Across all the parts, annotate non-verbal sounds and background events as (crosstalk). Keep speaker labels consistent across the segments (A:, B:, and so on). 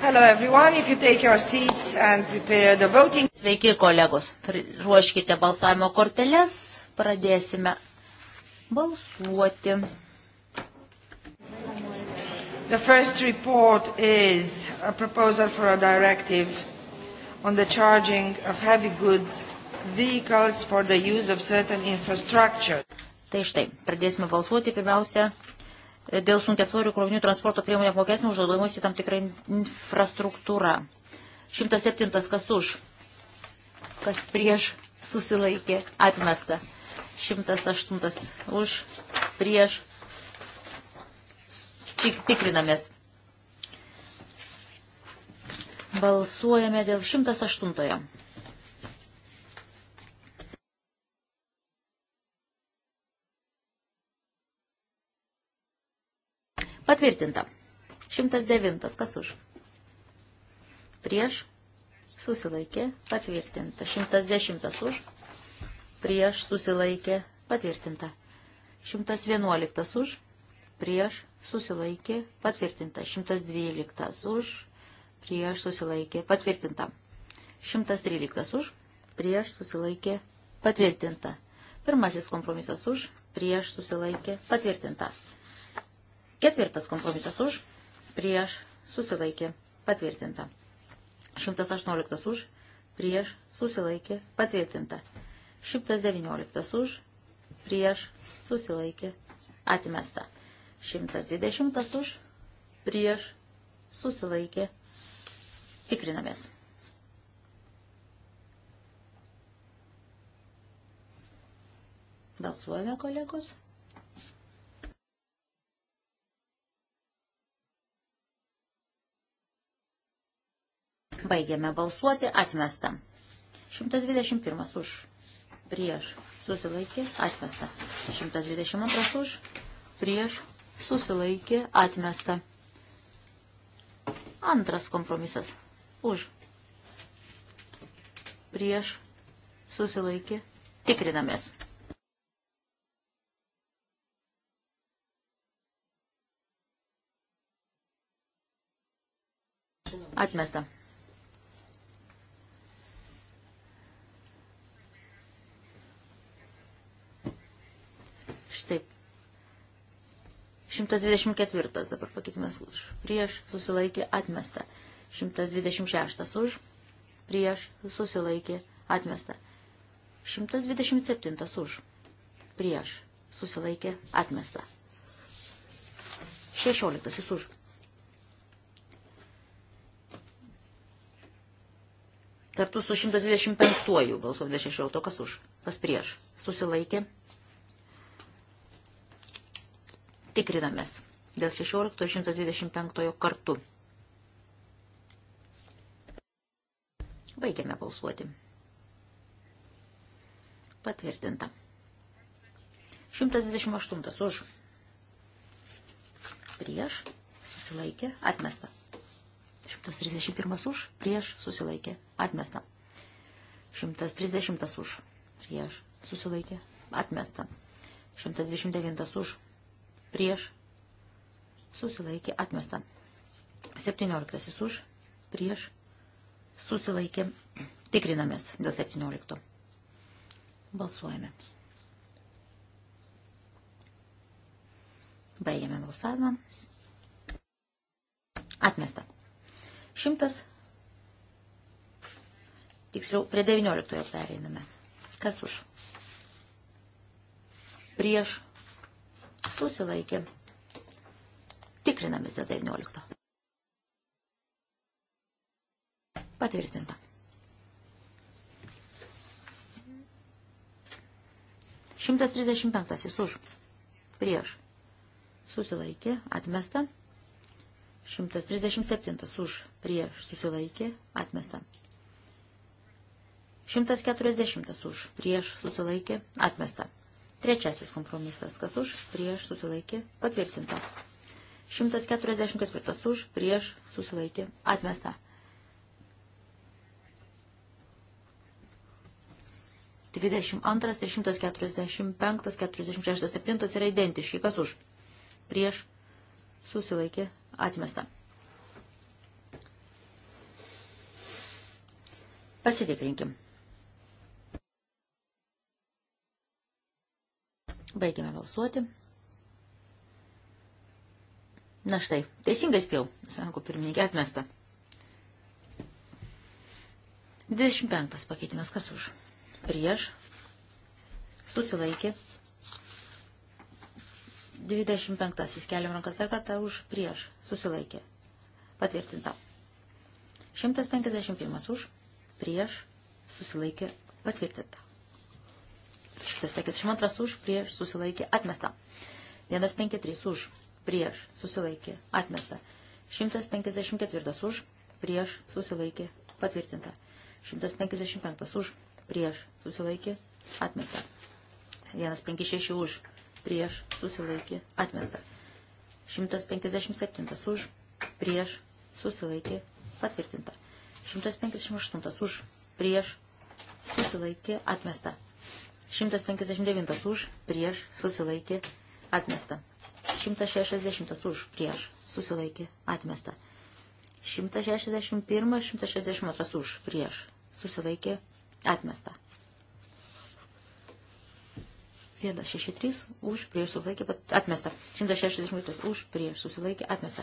A: Hello everyone, if you take your seats and prepare the voting. Sveiki kolegos, ruoškite balsavimo korteles, pradėsime balsuoti.
B: The first report is a proposal for a directive on the charging of heavy goods vehicles for the use of certain
A: infrastructure. Tai štai, pradėsime balsuoti pirmiausia dėl sunkesvorių krovinių transporto priemonių apmokesnio užduodamus į tam tikrą infrastruktūrą. 107. Kas už? Kas prieš susilaikė? Atmesta. 108. Už? Prieš? Tikrinamės. Balsuojame dėl 108. Patvirtinta. 109. Kas už? Prieš. Susilaikė. Patvirtinta. 110. Už. Prieš. Susilaikė. Patvirtinta. 111. Už. Prieš. Susilaikė. Patvirtinta. 112. Už. Prieš. Susilaikė. Patvirtinta. 113. Už. Prieš. Susilaikė. Patvirtinta. Pirmasis kompromisas už. Prieš. Susilaikė. Patvirtinta. Ketvirtas kompromisas už, prieš, susilaikė, patvirtinta. 118 už, prieš, susilaikė, patvirtinta. 119 už, prieš, susilaikė, atmesta. 120 už, prieš, susilaikė, tikrinamės. Balsuojame, kolegos. Baigiame balsuoti, atmesta. 121 už, prieš, susilaikė, atmesta. 122 už, prieš, susilaikė, atmesta. Antras kompromisas, už, prieš, susilaikė, tikrinamės. Atmesta. 124 dabar pakeitimas už, prieš susilaikė atmesta. 126 už, prieš susilaikė atmesta. 127 už, prieš susilaikė atmesta. 16 už. Kartu su 125 balsuo 16, kas už, kas prieš, susilaikė, Tikrinamės dėl 16.125 kartu. Baigiame balsuoti. Patvirtinta. 128 už. Prieš susilaikė atmesta. 131 už. Prieš susilaikė atmesta. 130 už. Prieš susilaikė atmesta. 129 už prieš, susilaikė, atmesta. 17 už, prieš, susilaikė, tikrinamės dėl 17. Balsuojame. Baigiame balsavimą. Atmesta. 100. Tiksliau, prie 19 pereiname. Kas už? Prieš susilaikė. Tikrinamės dėl 19. Patvirtinta. Šimtas trisdešimt penktasis už. Prieš. Susilaikė. Atmesta. Šimtas trisdešimt septintas už. Prieš. Susilaikė. Atmesta. 140 už, prieš susilaikė, atmesta. Trečiasis kompromisas. Kas už, prieš, susilaikė, patvirtinta. 144 už, prieš, susilaikė, atmesta. Dvidešimt antras ir šimtas keturiasdešimt penktas, keturiasdešimt šeštas, septintas yra identiški. Kas už? Prieš susilaikė atmesta. Pasitikrinkim. Baigime balsuoti. Na štai, teisingai spėjau, sako pirmininkė atmesta. 25 pakeitimas kas už? Prieš. Susilaikė. 25 keliam rankas dar kartą už prieš. Susilaikė. Patvirtinta. 151 už prieš. Susilaikė. Patvirtinta. 152 už, prieš, susilaikė, atmesta. 153 už, prieš, susilaikė, atmesta. 154 už, prieš, susilaikė, patvirtinta. 155 už, prieš, susilaikė, atmesta. 156 už, prieš, susilaikė, atmesta. 157 už, prieš, susilaikė, patvirtinta. 158 už, prieš, susilaikė, atmesta. 159 už, prieš, susilaikė, atmesta. 160 už, prieš, susilaikė, atmesta. 161, 162 už, prieš, susilaikė, atmesta. 163 už, prieš, susilaikė, atmesta. 160 už, prieš, susilaikė, atmesta.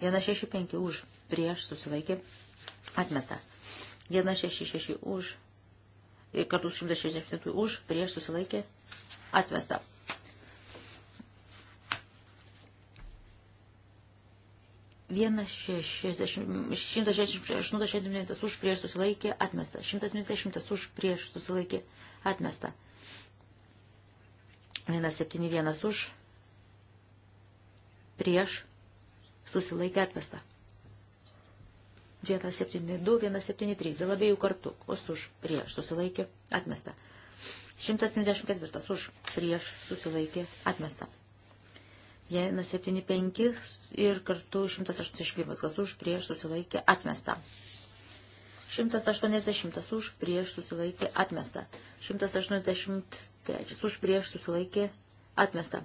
A: 165 už, prieš, susilaikė, atmesta. 166 už, kartu 167 už, prieš susilaikė atmesta. Vienas šimtas šešdešimt už prieš susilaikė atmesta. Šimtas dvidešimtas už prieš susilaikė atmesta. Vienas septyni vienas už prieš susilaikė atmesta. 172, 173, dėl abiejų kartų, kas už, prieš, susilaikė, atmesta. 174, už, prieš, susilaikė, atmesta. 175 ir kartu 181, kas už, prieš, susilaikė, atmesta. 180 už, prieš, susilaikė, atmesta. 183 už, prieš, susilaikė, atmesta.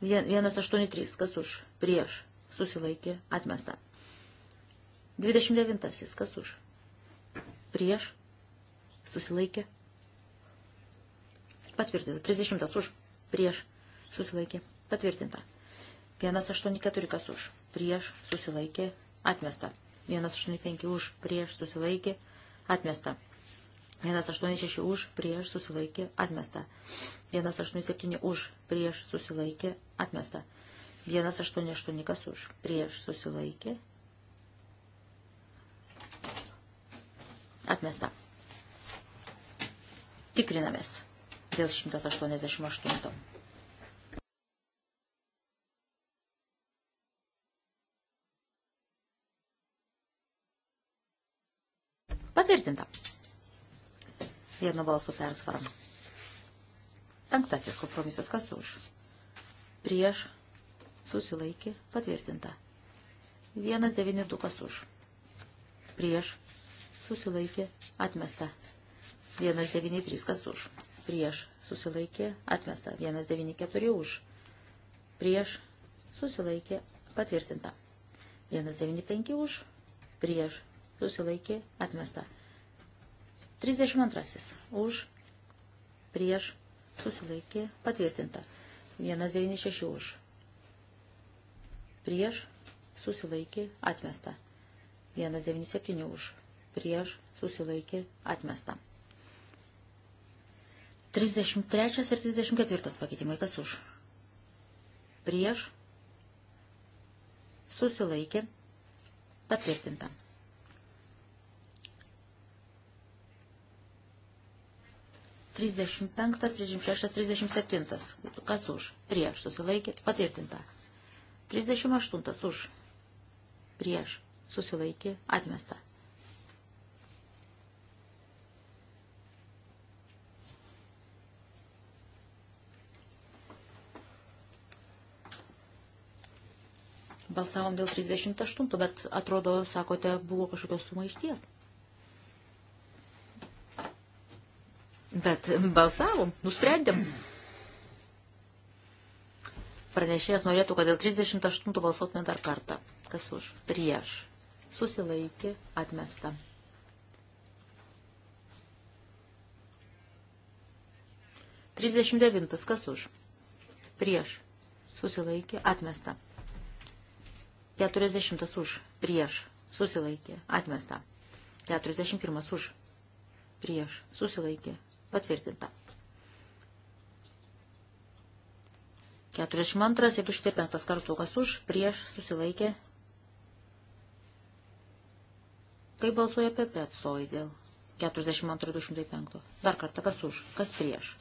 A: 183, kas už, prieš, susilaikė, atmesta. 29. Kas už? Prieš. Susilaikė. Patvirtinta. 30. Už. Prieš. Susilaikė. Patvirtinta. 184. Kas už? Prieš. Susilaikė. Atmesta. 185. Už. Prieš. Susilaikė. Atmesta. 186 už, prieš, susilaikė, atmesta. 187 už, prieš, susilaikė, atmesta. 188 kas už, prieš, susilaikė, Atmesta. Tikrinamės dėl 188. Patvirtinta. Vieno balsų persvara. Penktasis kompromisas kas už. Prieš susilaikė patvirtinta. Vienas devini du kas už. Prieš susilaikė, atmesta. 193 kas už, prieš, susilaikė, atmesta. 194 už, prieš, susilaikė, patvirtinta. 195 už, prieš, susilaikė, atmesta. 32 už, prieš, susilaikė, patvirtinta. 196 už, prieš, susilaikė, atmesta. 197 už, prieš susilaikė atmesta. 33 ir 34 pakeitimai, kas už? Prieš susilaikė patvirtinta. Trisdešimt penktas, trisdešimt šeštas, trisdešimt septintas. Kas už? Prieš. Susilaikė. Patvirtinta. Trisdešimt aštuntas. Už. Prieš. Susilaikė. Atmesta. balsavom dėl 38, bet atrodo, sakote, buvo kažkokios sumaišties. Bet balsavom, nusprendėm. Pranešėjas norėtų, kad dėl 38 balsuotume dar kartą. Kas už? Prieš. Susilaikė, atmesta. Trisdešimt devintas, kas už? Prieš. Susilaikė, atmesta. 40 už, prieš, susilaikė, atmesta. 41 už, prieš, susilaikė, patvirtinta. 42 ir 25 kartukas už, prieš, susilaikė. Kaip balsuoja PP atstovai dėl 42-205? Dar kartą kas už, kas prieš,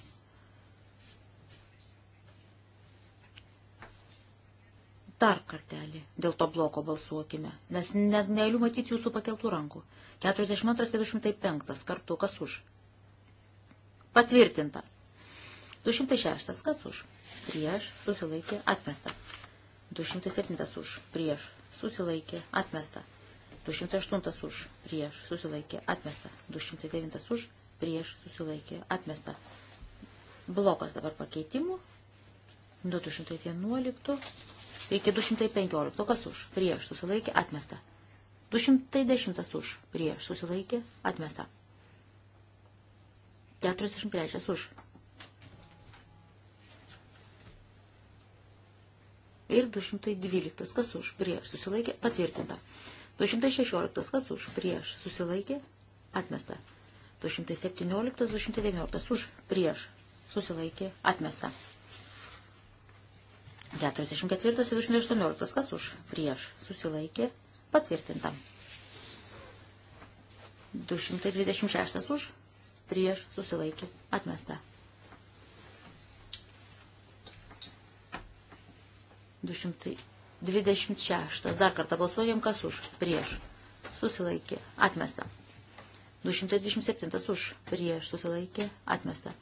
A: Dar kartelį dėl to bloko balsuokime, nes ne, negaliu matyti jūsų pakeltų rankų. 42-75 kartu, kas už? Patvirtinta. 206, kas už? Prieš, susilaikė, atmesta. 207 už, prieš, susilaikė, atmesta. 208 už, prieš, susilaikė, atmesta. 209 už, prieš, susilaikė, atmesta. Blokas dabar pakeitimų. 211 iki 215, kas už, prieš, susilaikė, atmesta. 210 už, prieš, susilaikė, atmesta. 43 už. Ir 212, kas už, prieš, susilaikė, patvirtinta. 216, kas už, prieš, susilaikė, atmesta. 217, 219, už, prieš, susilaikė, atmesta. 44 ir 18. Kas už? Prieš. Susilaikė. Patvirtinta. 226 už. Prieš. Susilaikė. Atmesta. 226. Dar kartą balsuojam, kas už. Prieš. Susilaikė. Atmesta. 227 už. Prieš. Susilaikė. Atmesta.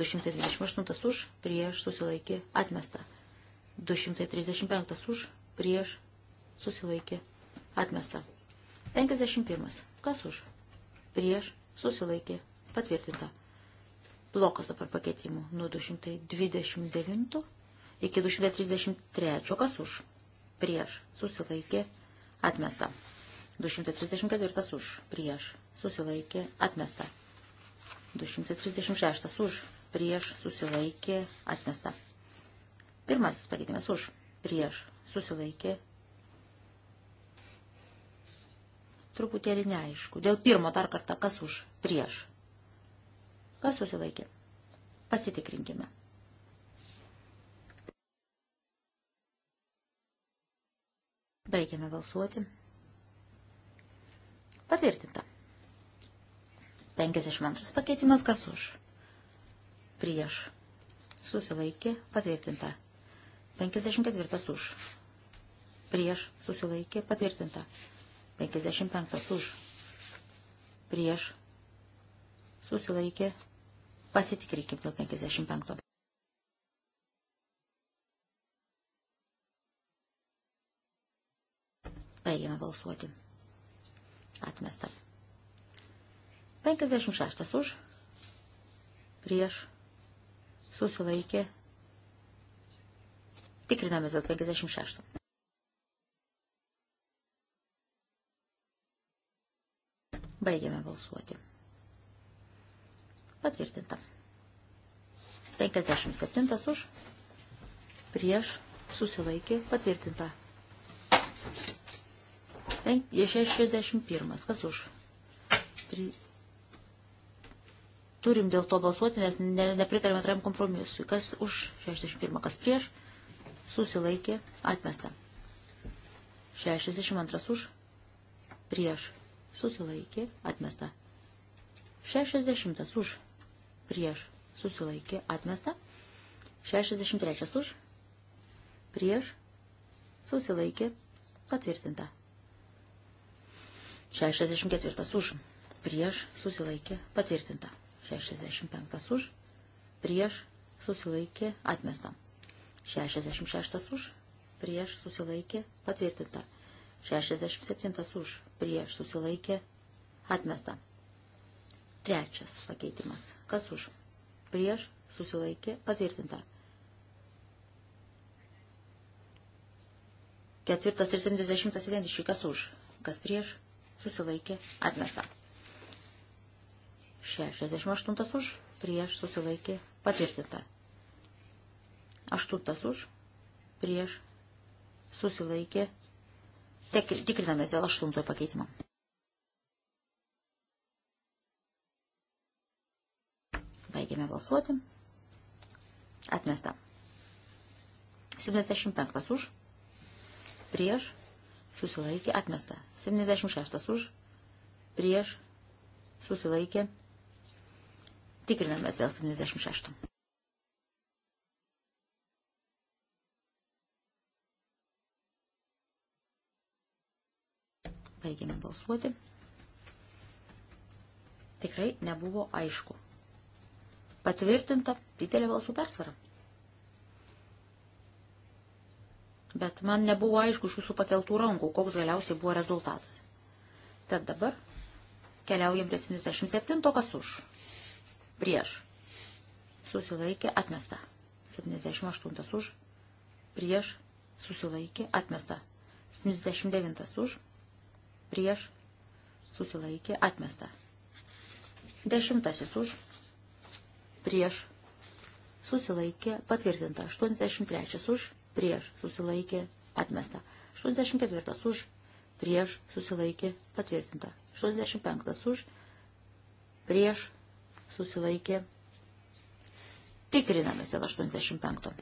A: 228 už. Prieš. Susilaikė. Atmesta. 235 už, prieš, susilaikė, atmesta. 51. Kas už? Prieš, susilaikė, patvirtinta. Blokas dabar pakeitimų nuo 229 iki 233. Kas už? Prieš, susilaikė, atmesta. 234 už, prieš, susilaikė, atmesta. 236 už, prieš, susilaikė, atmesta. Pirmasis pakeitimas už, prieš, susilaikė. Truputėlį neaišku. Dėl pirmo dar kartą, kas už, prieš. Kas susilaikė? Pasitikrinkime. Baigiame balsuoti. Patvirtinta. 52 pakeitimas kas už. Prieš. Susilaikė. Patvirtinta. 54 už. Prieš susilaikė patvirtinta. 55 už. Prieš susilaikė. Pasitikrinkim dėl 55. Baigėme balsuoti. Atmesta. 56 už. Prieš susilaikė Tikrinamės dėl 56. Baigiame balsuoti. Patvirtinta. 57 už. Prieš susilaikė patvirtinta. 61. Kas už? Pri... Turim dėl to balsuoti, nes ne, nepritarėme antrajam kompromisui. Kas už 61, kas prieš susilaikė, atmesta. 62 už, prieš, susilaikė, atmesta. 60 už, prieš, susilaikė, atmesta. 63 už, prieš, susilaikė, patvirtinta. 64 už, prieš, susilaikė, patvirtinta. 65 už, prieš, susilaikė, atmesta. 66 už, prieš susilaikė, patvirtinta. 67 už, prieš susilaikė, atmesta. Trečias pakeitimas. Kas už? Prieš susilaikė, patvirtinta. Ketvirtas ir 70 identiški. Kas už? Kas prieš? Susilaikė, atmesta. 68 už, prieš susilaikė, patvirtinta. Aštuntas už, prieš, susilaikė. Tek, tikrinamės dėl aštuntojo pakeitimo. Baigėme balsuoti. Atmesta. 75 už, prieš, susilaikė, atmesta. 76 už, prieš, susilaikė. Tikrinamės dėl 76. Baigėme balsuoti. Tikrai nebuvo aišku. Patvirtinta didelė balsų persvara. Bet man nebuvo aišku iš jūsų pakeltų rankų, koks galiausiai buvo rezultatas. Tad dabar keliaujam prie 77, kas už. Prieš. Susilaikė atmesta. 78 už. Prieš. Susilaikė atmesta. 79 už prieš, susilaikė, atmesta. Dešimtasis už, prieš, susilaikė, patvirtinta. 83 už, prieš, susilaikė, atmesta. 84 už, prieš, susilaikė, patvirtinta. 85 už, prieš, susilaikė, tikrinamės dėl 85.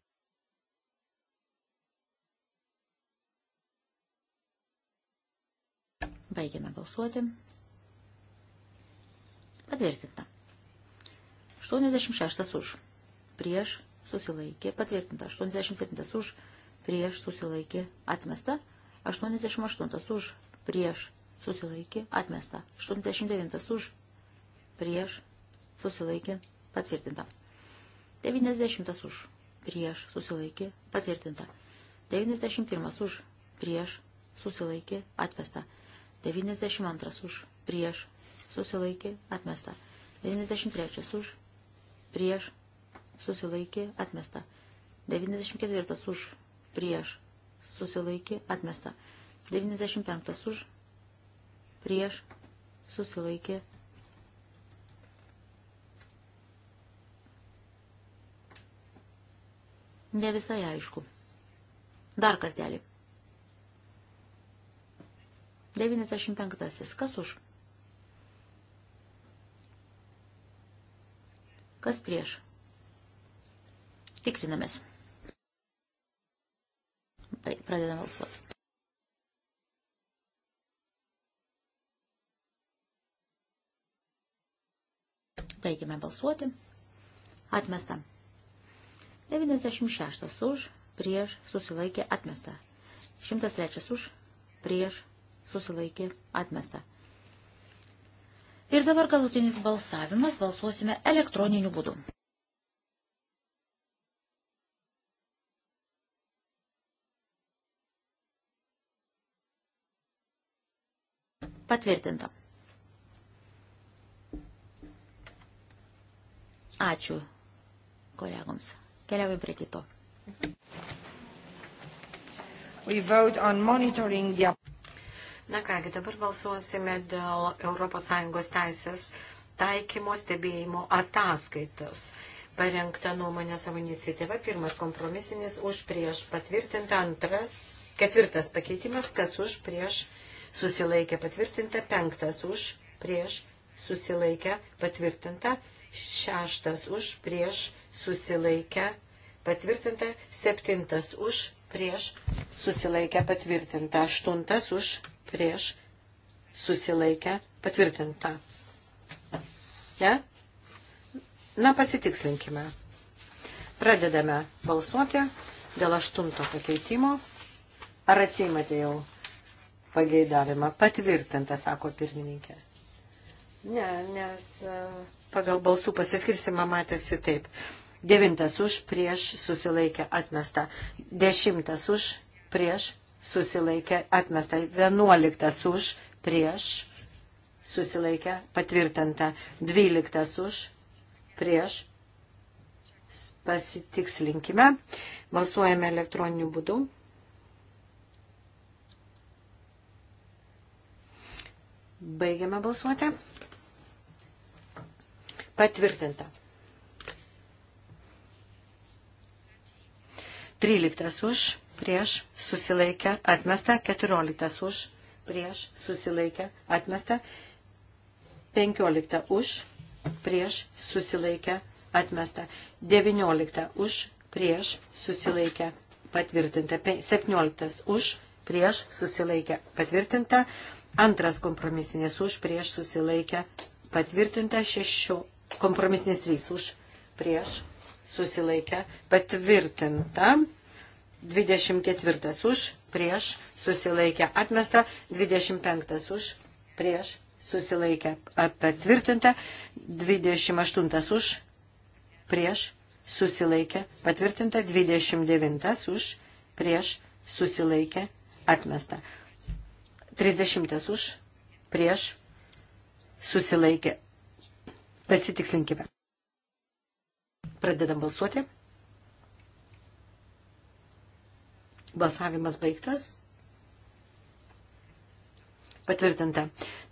A: Baigiame balsuoti. Patvirtinta. 86 už. Prieš susilaikė. Patvirtinta. 87 už. Prieš susilaikė. Atmesta. 88 už. Prieš susilaikė. Atmesta. 89 už. Prieš susilaikė. Patvirtinta. 90 už. Prieš susilaikė. Patvirtinta. 91 už. Prieš susilaikė. Atmesta. 92 už, prieš, susilaikė, atmesta. 93 už, prieš, susilaikė, atmesta. 94 už, prieš, susilaikė, atmesta. 95 už, prieš, susilaikė, Ne visai aišku. Dar kartelį. 95. Kas už? Kas prieš? Tikrinamės. Pradedam balsuoti. Baigiame balsuoti. Atmesta. 96 už, prieš, susilaikė, atmesta. 103 už, prieš, susilaikė atmesta. Ir dabar galutinis balsavimas balsuosime elektroniniu būdu. Patvirtinta. Ačiū kolegoms. Keliaujam
B: prie kito. We vote on monitoring the Na kągi, dabar balsuosime dėl ES teisės taikymo stebėjimo ataskaitos. Parengta nuomonė savo iniciatyva, pirmas kompromisinis už prieš patvirtinta, antras, ketvirtas pakeitimas, kas už prieš susilaikė patvirtinta, penktas už prieš susilaikė patvirtinta, šeštas už prieš susilaikė patvirtinta, septintas už prieš susilaikė patvirtinta, aštuntas už prieš, susilaikę, patvirtinta. Ne? Na, pasitikslinkime. Pradedame balsuoti dėl aštunto pakeitimo. Ar atsiimate jau pageidavimą? Patvirtinta, sako pirmininkė. Ne, nes e, pagal balsų pasiskirstimą matėsi taip. Devintas už, prieš, susilaikę, atmesta. Dešimtas už, prieš, susilaikė, atmesta 11 už, prieš, susilaikė, patvirtinta 12 už, prieš, pasitikslinkime, balsuojame elektroniniu būdu. Baigiame balsuoti. Patvirtinta. 13 už, prieš susilaikę atmesta, 14 už prieš susilaikę atmesta, 15 už prieš susilaikę atmesta, 19 už prieš susilaikę patvirtinta, 17 už prieš susilaikę patvirtinta, antras kompromisinis už prieš susilaikę patvirtinta, šešio kompromisinis trys už prieš susilaikę patvirtinta. 24 už, prieš, susilaikę atmesta, 25 už, prieš, susilaikę patvirtinta, 28 už, prieš, susilaikę patvirtinta, 29 už, prieš, susilaikę atmesta, 30 už, prieš, susilaikę. Pasitikslinkime. Pradedam balsuoti. Balsavimas baigtas. Patvirtinta.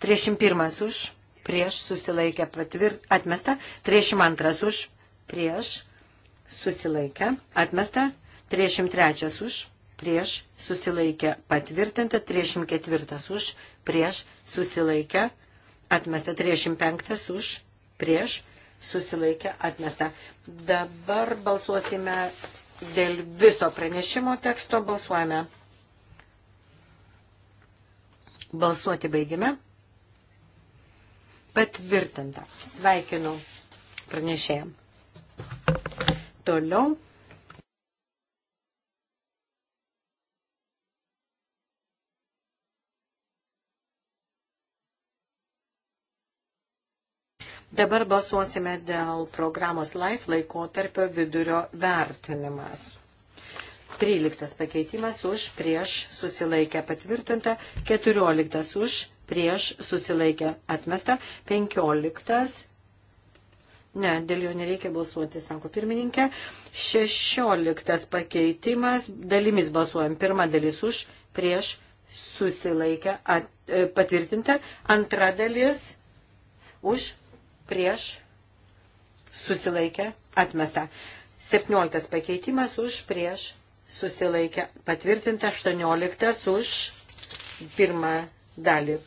B: 31 už, prieš, susilaikę, patvirt, atmesta. 32 už, prieš, susilaikę, atmesta. 33 už, prieš, susilaikę, patvirtinta. 34 už, prieš, susilaikę, atmesta. 35 už, prieš, susilaikę, atmesta. Dabar balsuosime dėl viso pranešimo teksto balsuojame. Balsuoti baigime. Patvirtinta. Sveikinu pranešėjam. Toliau. Dabar balsuosime dėl programos LIFE laikotarpio vidurio vertinimas. 13 pakeitimas už prieš susilaikę patvirtinta, 14 už prieš susilaikę atmesta, 15 Ne, dėl jo nereikia balsuoti, sako pirmininkė. Šešioliktas pakeitimas, dalimis balsuojam. Pirma dalis už, prieš, susilaikę, at, e, patvirtinta. Antra dalis už, prieš susilaikę atmesta. 17 pakeitimas už prieš susilaikę patvirtinta. 18 už pirmą dalį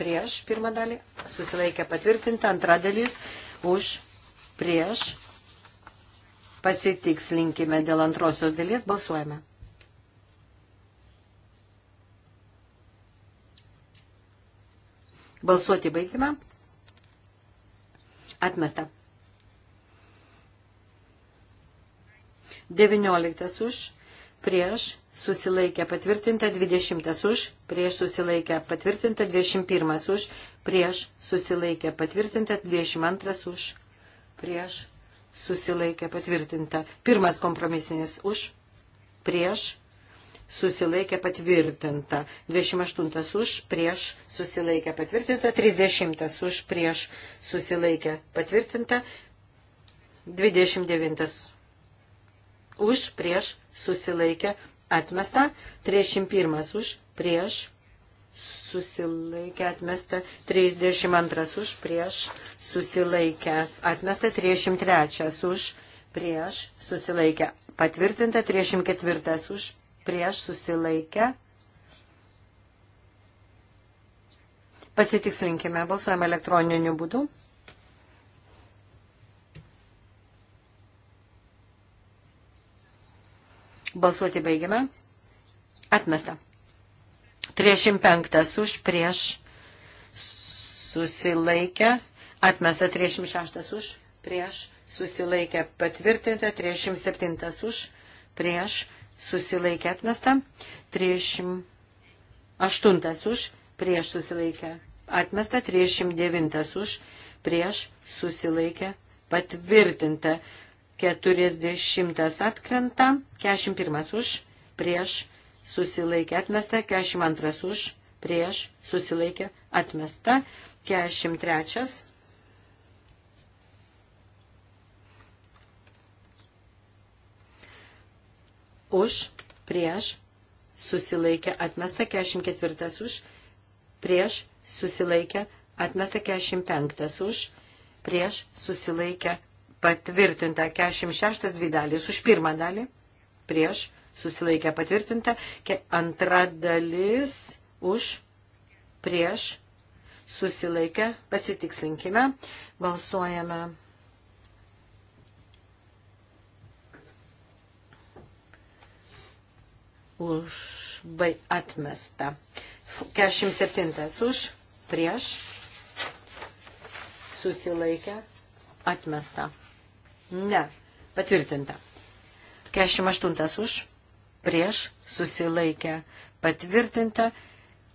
B: prieš pirmą dalį susilaikę patvirtinta. Antra dalis už prieš pasitikslinkime dėl antrosios dalies. Balsuojame. Balsuoti baigime. Atmesta. 19 už, prieš susilaikė patvirtinta 20 už, prieš susilaikė patvirtinta 21 už, prieš susilaikė patvirtinta 22 už, prieš susilaikė patvirtinta. Pirmas kompromisinis už, prieš susilaikė patvirtinta. 28 už prieš susilaikė patvirtinta. 30 už prieš susilaikė patvirtinta. 29 už prieš susilaikė atmesta. 31 už prieš susilaikė atmesta. 32 už prieš susilaikė atmesta. 33 už prieš susilaikė patvirtinta. 34 už prieš prieš susilaikę. Pasitikslinkime, balsuojame elektroniniu būdu. Balsuoti baigiame. Atmesta. 35 už prieš susilaikę. Atmesta 36 už prieš susilaikę. Patvirtinta 37 už prieš susilaikė atmesta, 38 už, prieš susilaikė atmesta, 39 už, prieš susilaikė patvirtinta, 40 atkrenta, 41 už, prieš susilaikė atmesta, 42 už, prieš susilaikė atmesta, 43 už, prieš, susilaikė, atmesta 44 už, prieš, susilaikė, atmesta 45 už, prieš, susilaikė, patvirtinta 46 dvi dalis už pirmą dalį, prieš, susilaikė, patvirtinta, antra dalis už, prieš, susilaikė, pasitikslinkime, balsuojame. užbai atmesta. 47 už, prieš, susilaikę, atmesta. Ne, patvirtinta. 48 už, prieš, susilaikę, patvirtinta.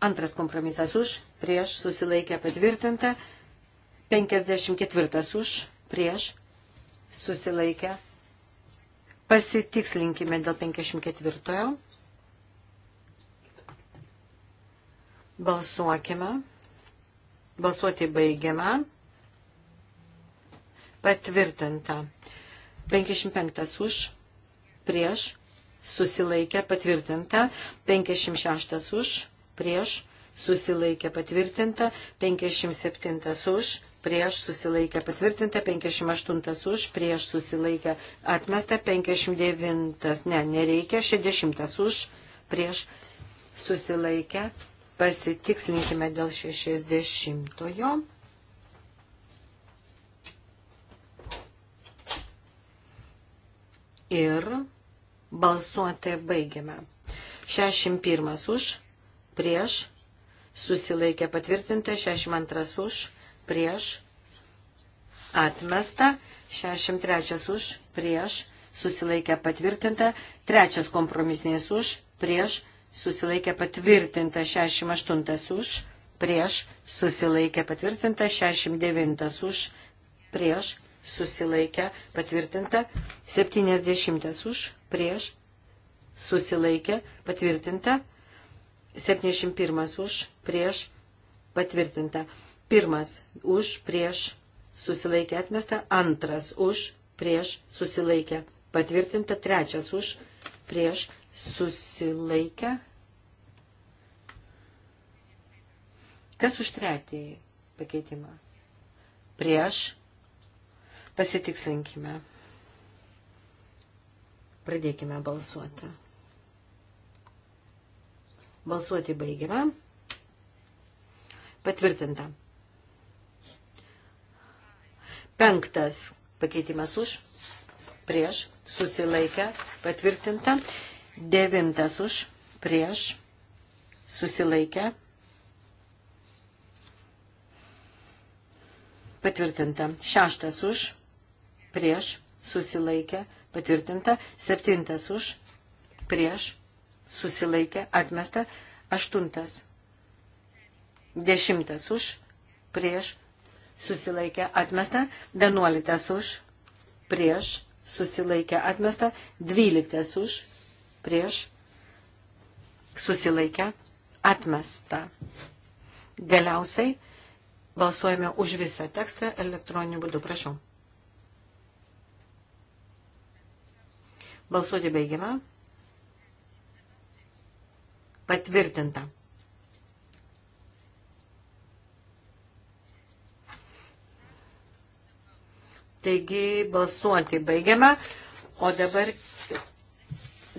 B: Antras kompromisas už, prieš, susilaikę, patvirtinta. 54 už, prieš, susilaikę. Pasitikslinkime dėl 54. -ojo. Balsuokime. Balsuoti baigiame. Patvirtinta. 55 už, prieš, susilaikė, patvirtinta. 56 už, prieš, susilaikė patvirtinta, 57 už, prieš susilaikė patvirtinta, 58 už, prieš susilaikė atmesta, 59, ne, nereikia, 60 už, prieš susilaikė Pasitikslinkime dėl 60-ojo. Ir balsuoti baigiame. 61 už, prieš, susilaikė patvirtinta, 62 už, prieš, atmesta, 63 už, prieš, susilaikė patvirtinta, trečias kompromisinės už, prieš, susilaikė patvirtinta 68 už, prieš susilaikė patvirtinta 69 už, prieš susilaikė patvirtinta 70 už, prieš susilaikė patvirtinta 71 už, prieš patvirtinta. Pirmas už, prieš susilaikė atmesta, antras už, prieš susilaikė patvirtinta, trečias už, prieš susilaikę. Kas už trečiąjį pakeitimą? Prieš. Pasitikslinkime. Pradėkime balsuoti. Balsuoti baigiame. Patvirtinta. Penktas pakeitimas už, prieš, susilaikę, patvirtinta. Devintas už, prieš, susilaikę. Patvirtinta. Šeštas už, prieš, susilaikę. Patvirtinta. Septintas už, prieš, susilaikę. Atmesta. Aštuntas. Dešimtas už, prieš, susilaikę. Atmesta. Vienuoliktas už, prieš, susilaikę. Atmesta. Dvyliktas už, prieš susilaikę atmesta. Galiausiai balsuojame už visą tekstą elektroniniu būdu. Prašau. Balsuoti baigiame. Patvirtinta. Taigi balsuoti baigiame. O dabar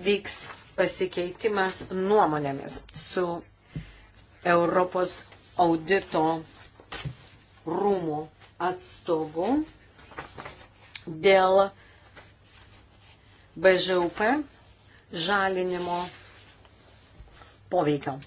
B: vyks pasikeitimas nuomonėmis su Europos audito rūmų atstovu dėl BŽUP žalinimo poveikio.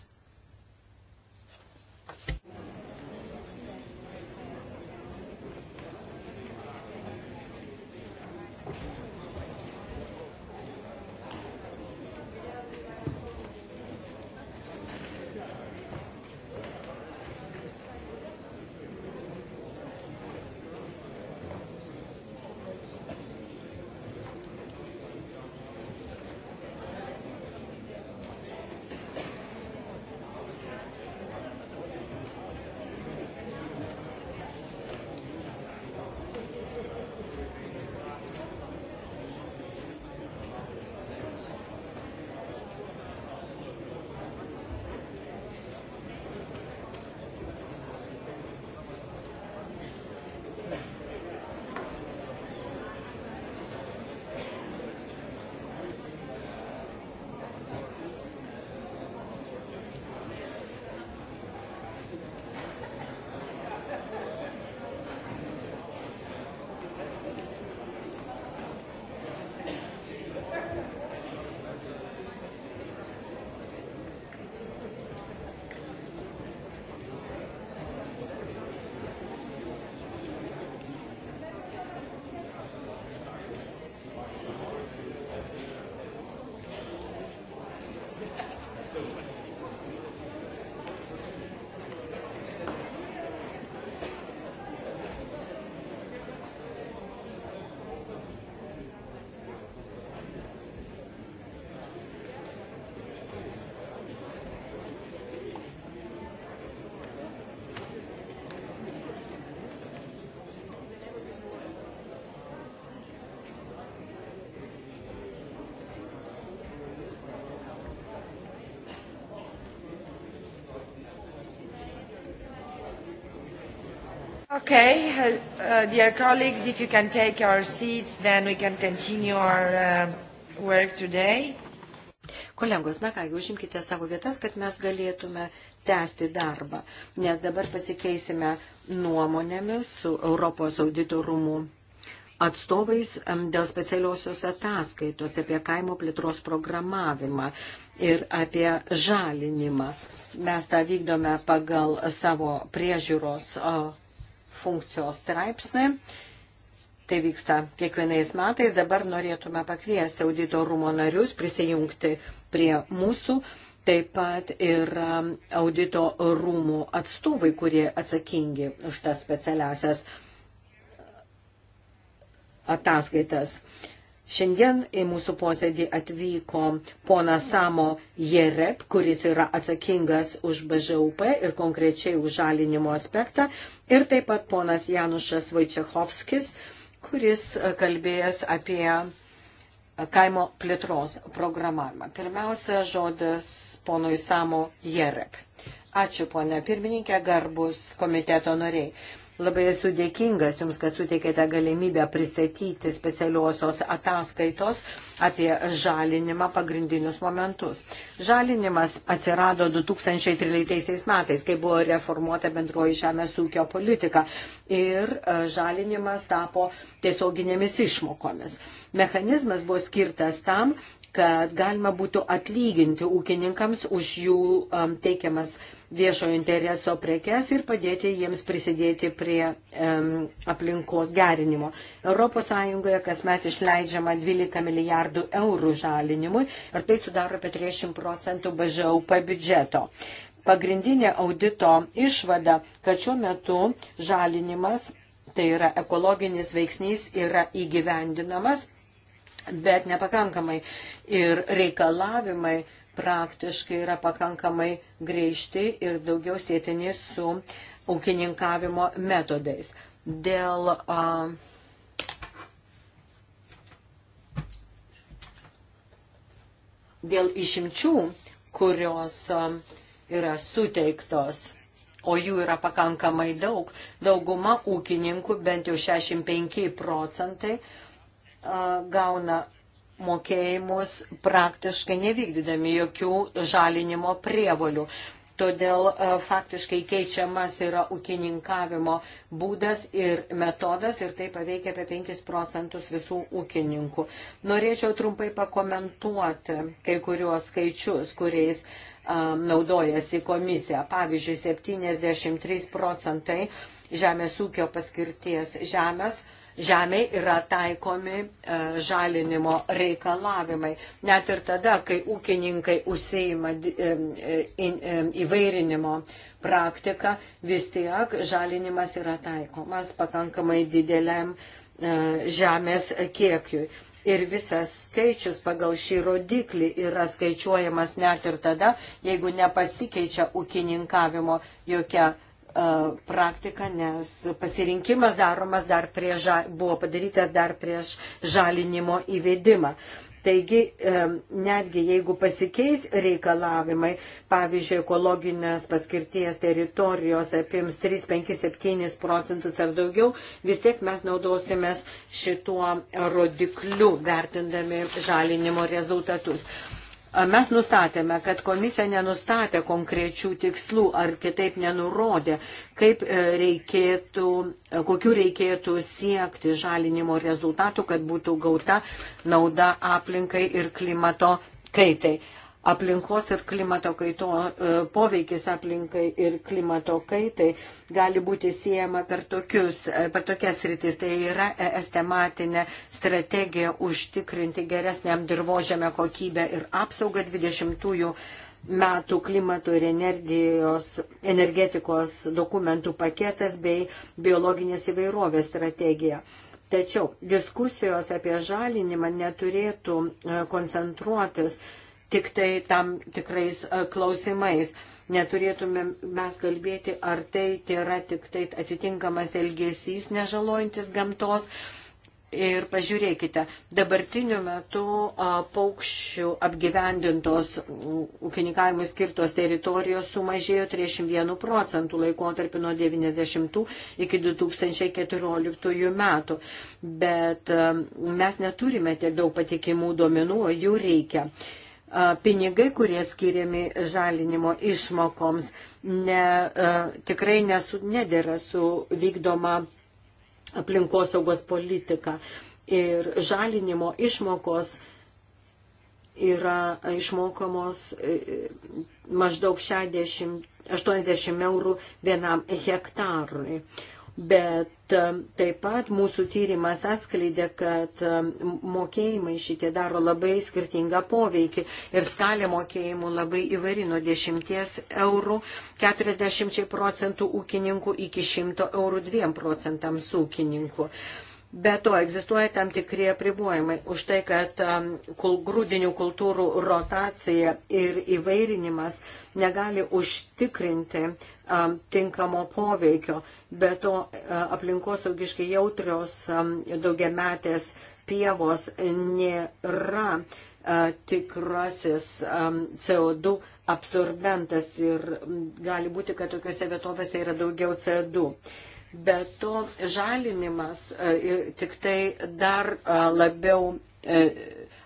B: Okay, uh, uh, dear colleagues, if you can take your seats, then we can continue our uh, work today. Kolegos, na ką, užimkite savo vietas, kad mes galėtume tęsti darbą, nes dabar pasikeisime nuomonėmis su Europos audito rūmų atstovais dėl specialiosios ataskaitos apie kaimo plėtros programavimą ir apie žalinimą. Mes tą vykdome pagal savo priežiūros funkcijos straipsnį. Tai vyksta kiekvienais metais. Dabar norėtume pakviesti audito rūmo narius prisijungti prie mūsų. Taip pat ir audito rūmų atstovai, kurie atsakingi už tas specialiasias ataskaitas. Uh, ataskaitas. Šiandien į mūsų posėdį atvyko ponas Samo Jerep, kuris yra atsakingas už BŽUP ir konkrečiai už žalinimo aspektą, ir taip pat ponas Janušas Vaičiachovskis, kuris kalbėjęs apie kaimo plėtros programavimą. Pirmiausia, žodis ponui Samo Jerep. Ačiū, ponė pirmininkė, garbus komiteto nariai. Labai esu dėkingas Jums, kad suteikėte galimybę pristatyti specialiosios ataskaitos apie žalinimą pagrindinius momentus. Žalinimas atsirado 2013 metais, kai buvo reformuota bendroji žemės ūkio politika ir e, žalinimas tapo tiesioginėmis išmokomis. Mechanizmas buvo skirtas tam, kad galima būtų atlyginti ūkininkams už jų um, teikiamas viešo intereso prekes ir padėti jiems prisidėti prie um, aplinkos gerinimo. ES kasmet išleidžiama 12 milijardų eurų žalinimui ir tai sudaro apie 30 procentų BŽUP biudžeto. Pagrindinė audito išvada, kad šiuo metu žalinimas, tai yra ekologinis veiksnys, yra įgyvendinamas bet nepakankamai. Ir reikalavimai praktiškai yra pakankamai griežti ir daugiau sėtini su ūkininkavimo metodais. Dėl a, dėl išimčių, kurios a, yra suteiktos o jų yra pakankamai daug. Dauguma ūkininkų, bent jau 65 procentai, gauna mokėjimus praktiškai nevykdydami jokių žalinimo prievolių. Todėl e, faktiškai keičiamas yra ūkininkavimo būdas ir metodas ir tai paveikia apie 5 procentus visų ūkininkų. Norėčiau trumpai pakomentuoti kai kuriuos skaičius, kuriais um, naudojasi komisija. Pavyzdžiui, 73 procentai žemės ūkio paskirties žemės žemiai yra taikomi e, žalinimo reikalavimai. Net ir tada, kai ūkininkai užseima e, e, įvairinimo praktiką, vis tiek žalinimas yra taikomas pakankamai dideliam žemės kiekiui ir visas skaičius pagal šį rodiklį yra skaičiuojamas net ir tada, jeigu nepasikeičia ūkininkavimo jokia E, praktika, nes pasirinkimas daromas dar prieš, buvo padarytas dar prieš žalinimo įvedimą. Taigi, e, netgi jeigu pasikeis reikalavimai, pavyzdžiui, ekologinės paskirties teritorijos apims 3, 5, 7 procentus ar daugiau, vis tiek mes naudosimės šituo rodikliu, vertindami žalinimo rezultatus. Mes nustatėme, kad komisija nenustatė konkrečių tikslų ar kitaip nenurodė, kaip e, reikėtų, e, kokiu reikėtų siekti žalinimo rezultatų, kad būtų gauta nauda aplinkai ir klimato kaitai aplinkos ir klimato kaito, e, poveikis aplinkai ir klimato kaitai gali būti siejama per, tokius, e, per tokias rytis. Tai yra ES tematinė strategija užtikrinti geresniam dirbožėme kokybę ir apsaugą 20-ųjų metų klimato ir energijos, energetikos dokumentų paketas bei biologinės įvairovės strategija. Tačiau diskusijos apie žalinimą neturėtų e, koncentruotis tik tai tam tikrais e, klausimais. Neturėtumėm mes kalbėti, ar tai yra tik tai atitinkamas elgesys nežalojantis gamtos. Ir pažiūrėkite, dabartiniu metu a, e, paukščių apgyvendintos ūkininkavimui skirtos teritorijos sumažėjo 31 procentų laikotarpį nuo 90 iki 2014 metų. Bet a, e, mes neturime tiek daug patikimų duomenų, o jų reikia pinigai, kurie skiriami žalinimo išmokoms, ne, tikrai nesu, nedėra su vykdoma aplinkosaugos politika. Ir žalinimo išmokos yra išmokamos e, maždaug 60, 80 eurų vienam hektarui. Bet um, taip pat mūsų tyrimas atskleidė, kad um, mokėjimai šitie daro labai skirtingą poveikį ir skalė mokėjimų labai įvairi nuo 10 eurų 40 procentų ūkininkų iki 100 eurų 2 procentams ūkininkų. Be to, egzistuoja tam tikrie pribojimai už tai, kad um, kul, grūdinių kultūrų rotacija ir įvairinimas negali užtikrinti um, tinkamo poveikio. Be to, uh, aplinkosaugiškai jautrios um, daugiametės pievos nėra uh, tikrasis um, CO2 absorbentas ir um, gali būti, kad tokiuose vietovėse yra daugiau CO2. Uh, Bet to žalinimas e, tik tai dar e, labiau e,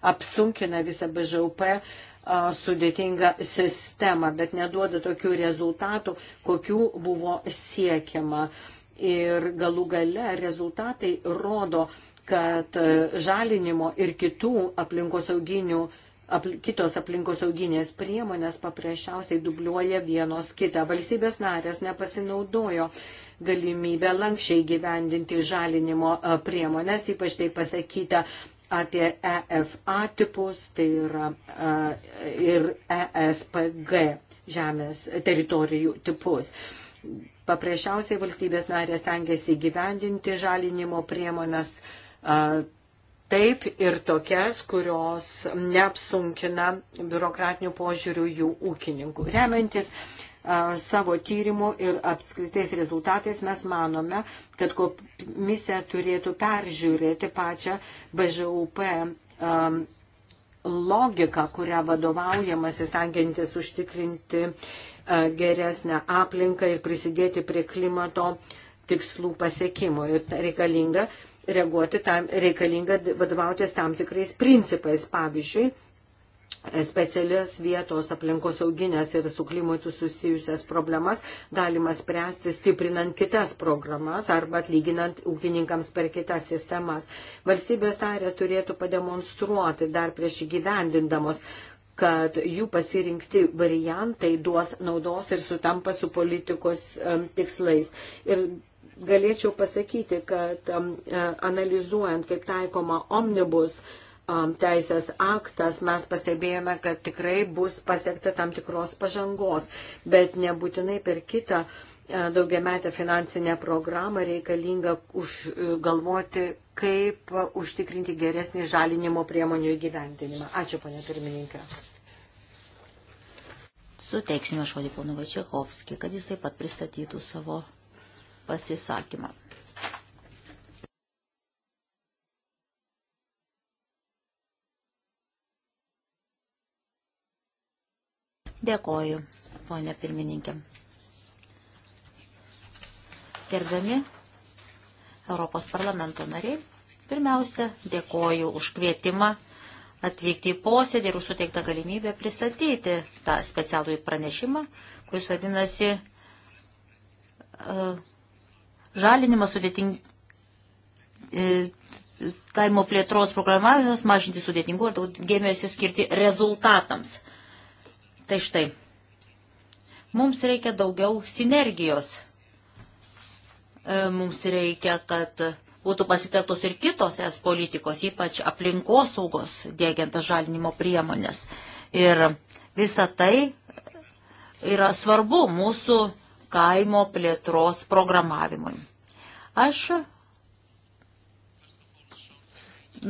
B: apsunkina visą BŽUP sudėtingą sistemą, bet neduoda tokių rezultatų, kokių buvo siekiama. Ir galų gale rezultatai rodo, kad žalinimo ir kitų aplinkosauginių sauginių apl kitos aplinkosauginės priemonės paprasčiausiai dubliuoja vienos kitą. Valstybės narės nepasinaudojo galimybę lankščiai gyvendinti žalinimo e, priemonės, ypač tai pasakyta apie EFA tipus, tai yra e, ir ESPG žemės teritorijų tipus. Paprasčiausiai valstybės narės tengiasi gyvendinti žalinimo priemonės e, taip ir tokias, kurios neapsunkina biurokratinių požiūrių jų ūkininkų. Remiantis savo tyrimų ir apskritais rezultatais mes manome, kad komisija turėtų peržiūrėti pačią BŽUP um, logiką, kurią vadovaujamas įstengiantis užtikrinti uh, geresnę aplinką ir prisidėti prie klimato tikslų pasiekimo. Ir reikalinga uh, reaguoti tam, reikalinga vadovautis tam tikrais principais. Pavyzdžiui, specialias vietos aplinkosauginės ir su klimatu susijusias problemas galima spręsti stiprinant kitas programas arba atlyginant ūkininkams per kitas sistemas. Valstybės tarės turėtų pademonstruoti dar prieš įgyvendindamos kad jų pasirinkti variantai duos naudos ir sutampa su politikos um, tikslais. Ir galėčiau pasakyti, kad um, e, analizuojant, kaip taikoma omnibus um, teisės aktas, mes pastebėjome, kad tikrai bus pasiekta tam tikros pažangos, bet nebūtinai per kitą e, daugiametę finansinę programą reikalinga e, galvoti, kaip užtikrinti geresnį žalinimo priemonių įgyvendinimą. Ačiū, ponė pirmininkė.
A: Suteiksime žodį ponu Vačiachovskį, kad jis taip pat pristatytų savo pasisakymą. Dėkoju, ponė pirmininkė. Gerbiami Europos parlamento nariai, pirmiausia, dėkoju už kvietimą atvykti į posėdį ir už suteiktą galimybę pristatyti tą specialų pranešimą, kuris vadinasi uh, žalinimas sudėting... E, kaimo plėtros programavimas, mažinti sudėtingų ir daug dėmesio skirti rezultatams. Tai štai, mums reikia daugiau sinergijos. E, mums reikia, kad būtų pasitelktos ir kitos es politikos, ypač aplinkosaugos dėgiantas žalinimo priemonės. Ir visa tai yra svarbu mūsų kaimo plėtros programavimui. Aš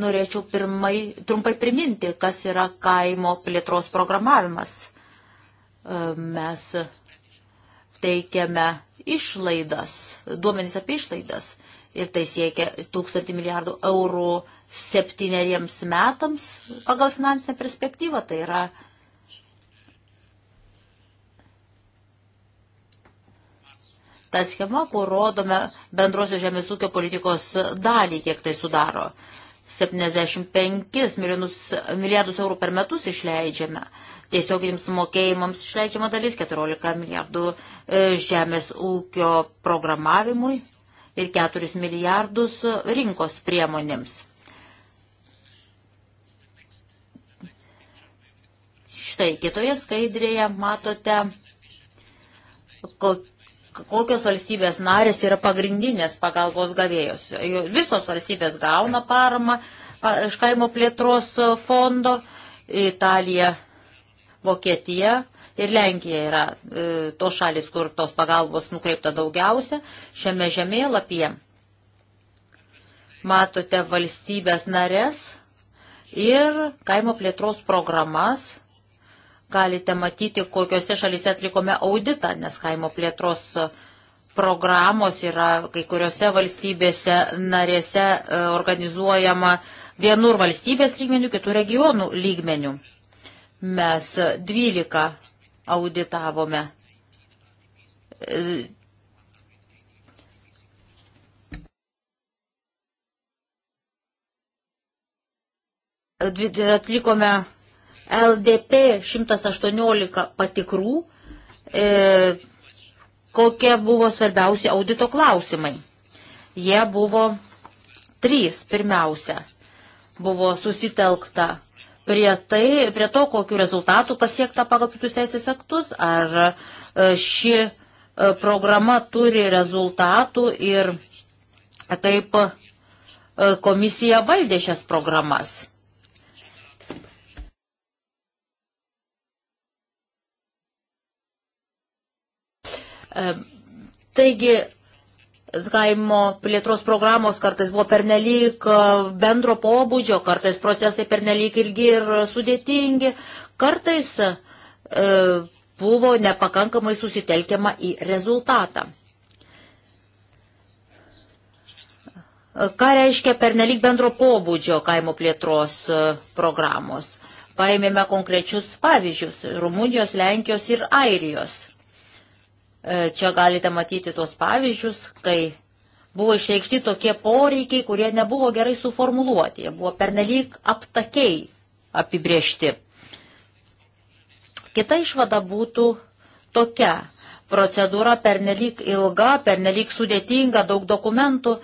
A: norėčiau pirmai, trumpai priminti, kas yra kaimo plėtros programavimas. E, mes teikiame išlaidas, duomenys apie išlaidas ir tai siekia 1000 milijardų eurų septyneriems metams pagal finansinę perspektyvą. Tai yra ta schema, kur rodome bendrosios žemės ūkio politikos dalį, kiek tai sudaro. 75 milijonus, milijardus eurų per metus išleidžiame. Tiesioginiams mokėjimams išleidžiama dalis 14 milijardų e, žemės ūkio programavimui ir 4 milijardus rinkos priemonėms. Štai kitoje skaidrėje matote, kokie kokios valstybės narės yra pagrindinės pagalbos gavėjos. Visos valstybės gauna paramą iš kaimo plėtros fondo, Italija, Vokietija ir Lenkija yra e, tos šalis, kur tos pagalbos nukreipta daugiausia šiame žemėlapyje. Matote valstybės narės ir kaimo plėtros programas galite matyti, kokiuose šalise atlikome auditą, nes kaimo plėtros programos yra kai kuriuose valstybėse narėse e, organizuojama vienur valstybės lygmenių, kitų regionų lygmenių. Mes 12 auditavome. E, atlikome LDP 118 patikrų, e, kokie buvo svarbiausi audito klausimai. Jie buvo trys pirmiausia. Buvo susitelkta prie, tai, prie to, kokiu rezultatu pasiekta pagal kitus teisės aktus, ar e, ši e, programa turi rezultatų ir taip e, komisija valdė šias programas. E, taigi, kaimo plėtros programos kartais buvo pernelyg e, bendro pobūdžio, kartais procesai pernelyg ilgi ir sudėtingi, kartais e, buvo nepakankamai susitelkiama į rezultatą. Ką reiškia pernelyg bendro pobūdžio kaimo plėtros e, programos? Paėmėme konkrečius pavyzdžius - Rumunijos, Lenkijos ir Airijos E, čia galite matyti tuos pavyzdžius, kai buvo išreikšti tokie poreikiai, kurie nebuvo gerai suformuluoti, jie buvo pernelyg aptakiai apibriešti. Kita išvada būtų tokia. Procedūra pernelyg ilga, pernelyg sudėtinga, daug dokumentų.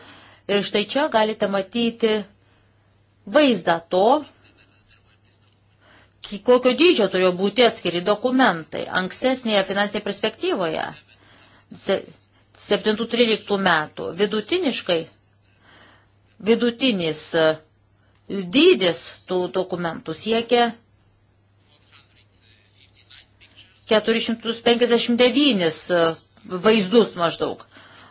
A: Ir štai čia galite matyti vaizdą to, kokio dydžio turėjo būti atskiri dokumentai. Ankstesnėje finansinėje perspektyvoje 7-13 metų. Vidutiniškai, vidutinis e, dydis tų dokumentų siekia 459 e, vaizdus maždaug.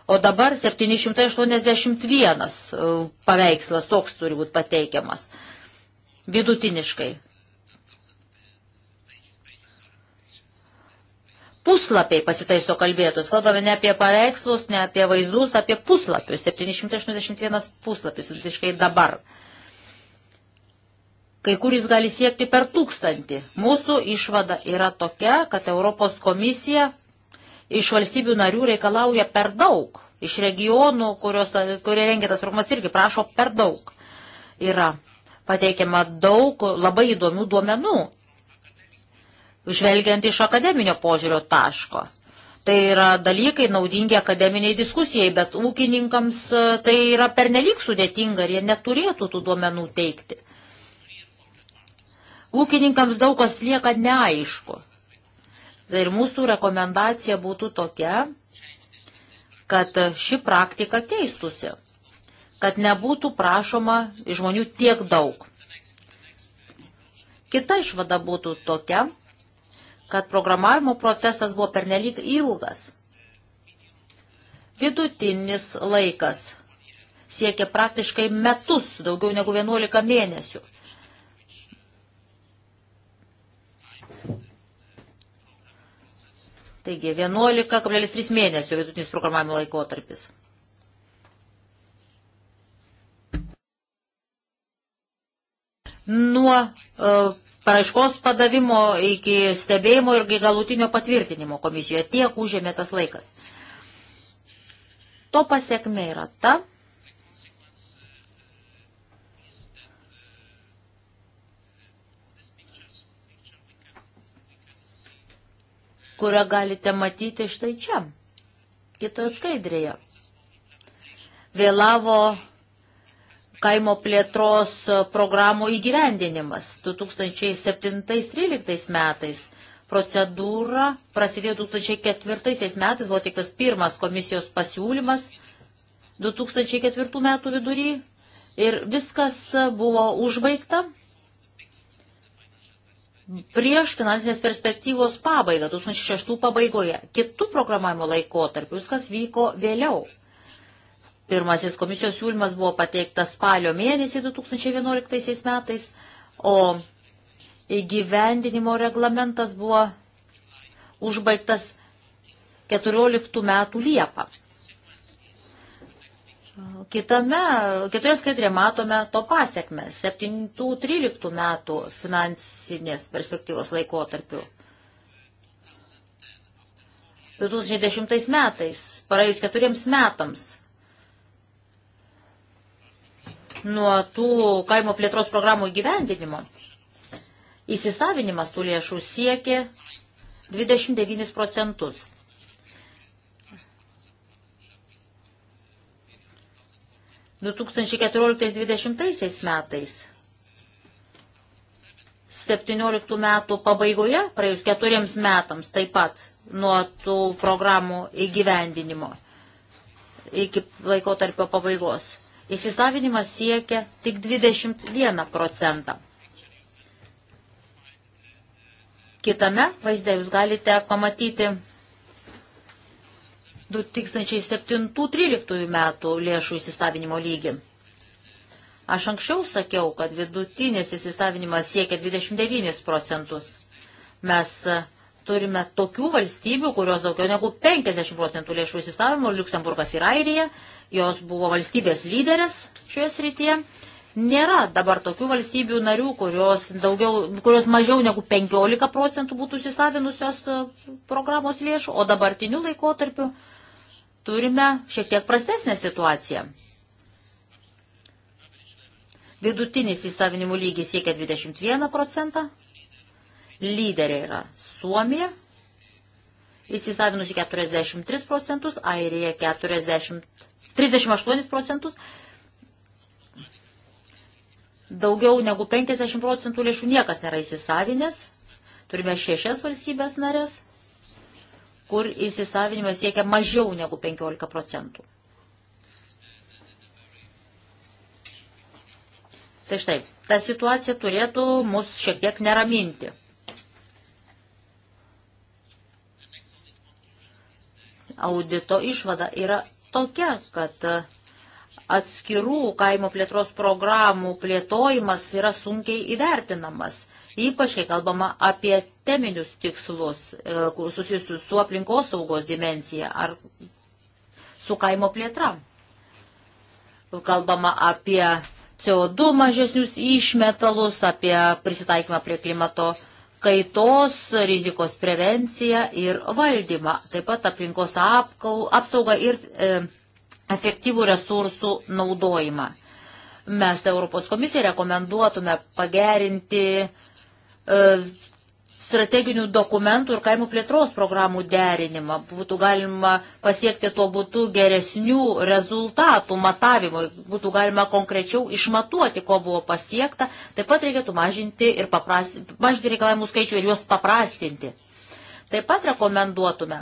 A: O dabar 781 e, paveikslas toks turi būti pateikiamas. Vidutiniškai. puslapiai pasitaiso kalbėtus. Kalbame ne apie paveikslus, ne apie vaizdus, apie puslapius. 781 puslapis visiškai dabar. Kai kur jis gali siekti per tūkstantį. Mūsų išvada yra tokia, kad Europos komisija iš valstybių narių reikalauja per daug. Iš regionų, kurios, kurie rengia tas programas, irgi prašo per daug. Yra pateikiama daug labai įdomių duomenų žvelgiant iš akademinio požiūrio taško. Tai yra dalykai naudingi akademiniai diskusijai, bet ūkininkams e, tai yra pernelyg sudėtinga ir jie neturėtų tų duomenų teikti. Ūkininkams daug kas lieka neaišku. Tai ir mūsų rekomendacija būtų tokia, kad ši praktika keistusi, kad nebūtų prašoma žmonių tiek daug. Kita išvada būtų tokia, kad programavimo procesas buvo pernelyg ilgas. Vidutinis laikas siekia praktiškai metus, daugiau negu 11 mėnesių. Taigi 11,3 mėnesių vidutinis programavimo laikotarpis. Nuo uh, paraiškos padavimo iki stebėjimo ir galutinio patvirtinimo komisijoje. Tiek užėmė tas laikas. To pasiekme yra ta, kurią galite matyti štai čia, kitoje skaidrėje. Vėlavo kaimo plėtros programų įgyvendinimas 2007-2013 metais. Procedūra prasidėjo 2004 metais, buvo tik tas pirmas komisijos pasiūlymas 2004 metų vidury ir viskas buvo užbaigta prieš finansinės perspektyvos pabaigą, 2006 pabaigoje. Kitų programavimo laikotarpių viskas vyko vėliau. Pirmasis komisijos siūlymas buvo pateiktas spalio mėnesį 2011 metais, o įgyvendinimo reglamentas buvo užbaigtas 14 metų Liepą. Kitame, kitoje skaidrė matome to pasiekme 7-13 metų finansinės perspektyvos laikotarpiu. 2010 metais, praėjus keturiems metams, nuo tų kaimo plėtros programų įgyvendinimo. Įsisavinimas tų lėšų siekė 29 procentus. Nu 2014-2020 metais 17 metų pabaigoje, praėjus keturiems metams taip pat nuo tų programų įgyvendinimo iki laiko tarpio pabaigos. Įsisavinimas siekia tik 21 procentą. Kitame vaizde jūs galite pamatyti 2007-2013 metų lėšų įsisavinimo lygį. Aš anksčiau sakiau, kad vidutinis įsisavinimas siekia 29 procentus. Mes e, turime tokių valstybių, kurios daugiau negu 50 procentų lėšų įsisavinimo, Luksemburgas ir Airija, jos buvo valstybės lyderės šioje srityje. Nėra dabar tokių valstybių narių, kurios, daugiau, kurios mažiau negu 15 procentų būtų įsisavinusios e, programos lėšų, o dabartiniu laikotarpiu turime šiek tiek prastesnę situaciją. Vidutinis įsavinimų lygis siekia 21 procentą. Lyderė yra Suomija, įsisavinusi 43 procentus, Airija 40 38 procentus. Daugiau negu 50 procentų lėšų niekas nėra įsisavinęs. Turime šešias valstybės narės, kur įsisavinimas siekia mažiau negu 15 procentų. Tai štai, ta situacija turėtų mus šiek tiek neraminti. Audito išvada yra tokia, kad atskirų kaimo plėtros programų plėtojimas yra sunkiai įvertinamas, ypač kai kalbama apie teminius tikslus e, susijusius su aplinkosaugos dimencija ar su kaimo plėtra. Kalbama apie CO2 mažesnius išmetalus, apie prisitaikymą prie klimato kaitos kaitos rizikos prevenciją ir valdymą, taip pat aplinkos apkau, apsaugą ir e, efektyvų resursų naudojimą. Mes Europos komisijai rekomenduotume pagerinti e, strateginių dokumentų ir kaimų plėtros programų derinimą. Būtų galima pasiekti tuo būtų geresnių rezultatų matavimo, būtų galima konkrečiau išmatuoti, ko buvo pasiekta. Taip pat reikėtų mažinti, ir papras, mažinti reikalavimų skaičių ir juos paprastinti. Taip pat rekomenduotume,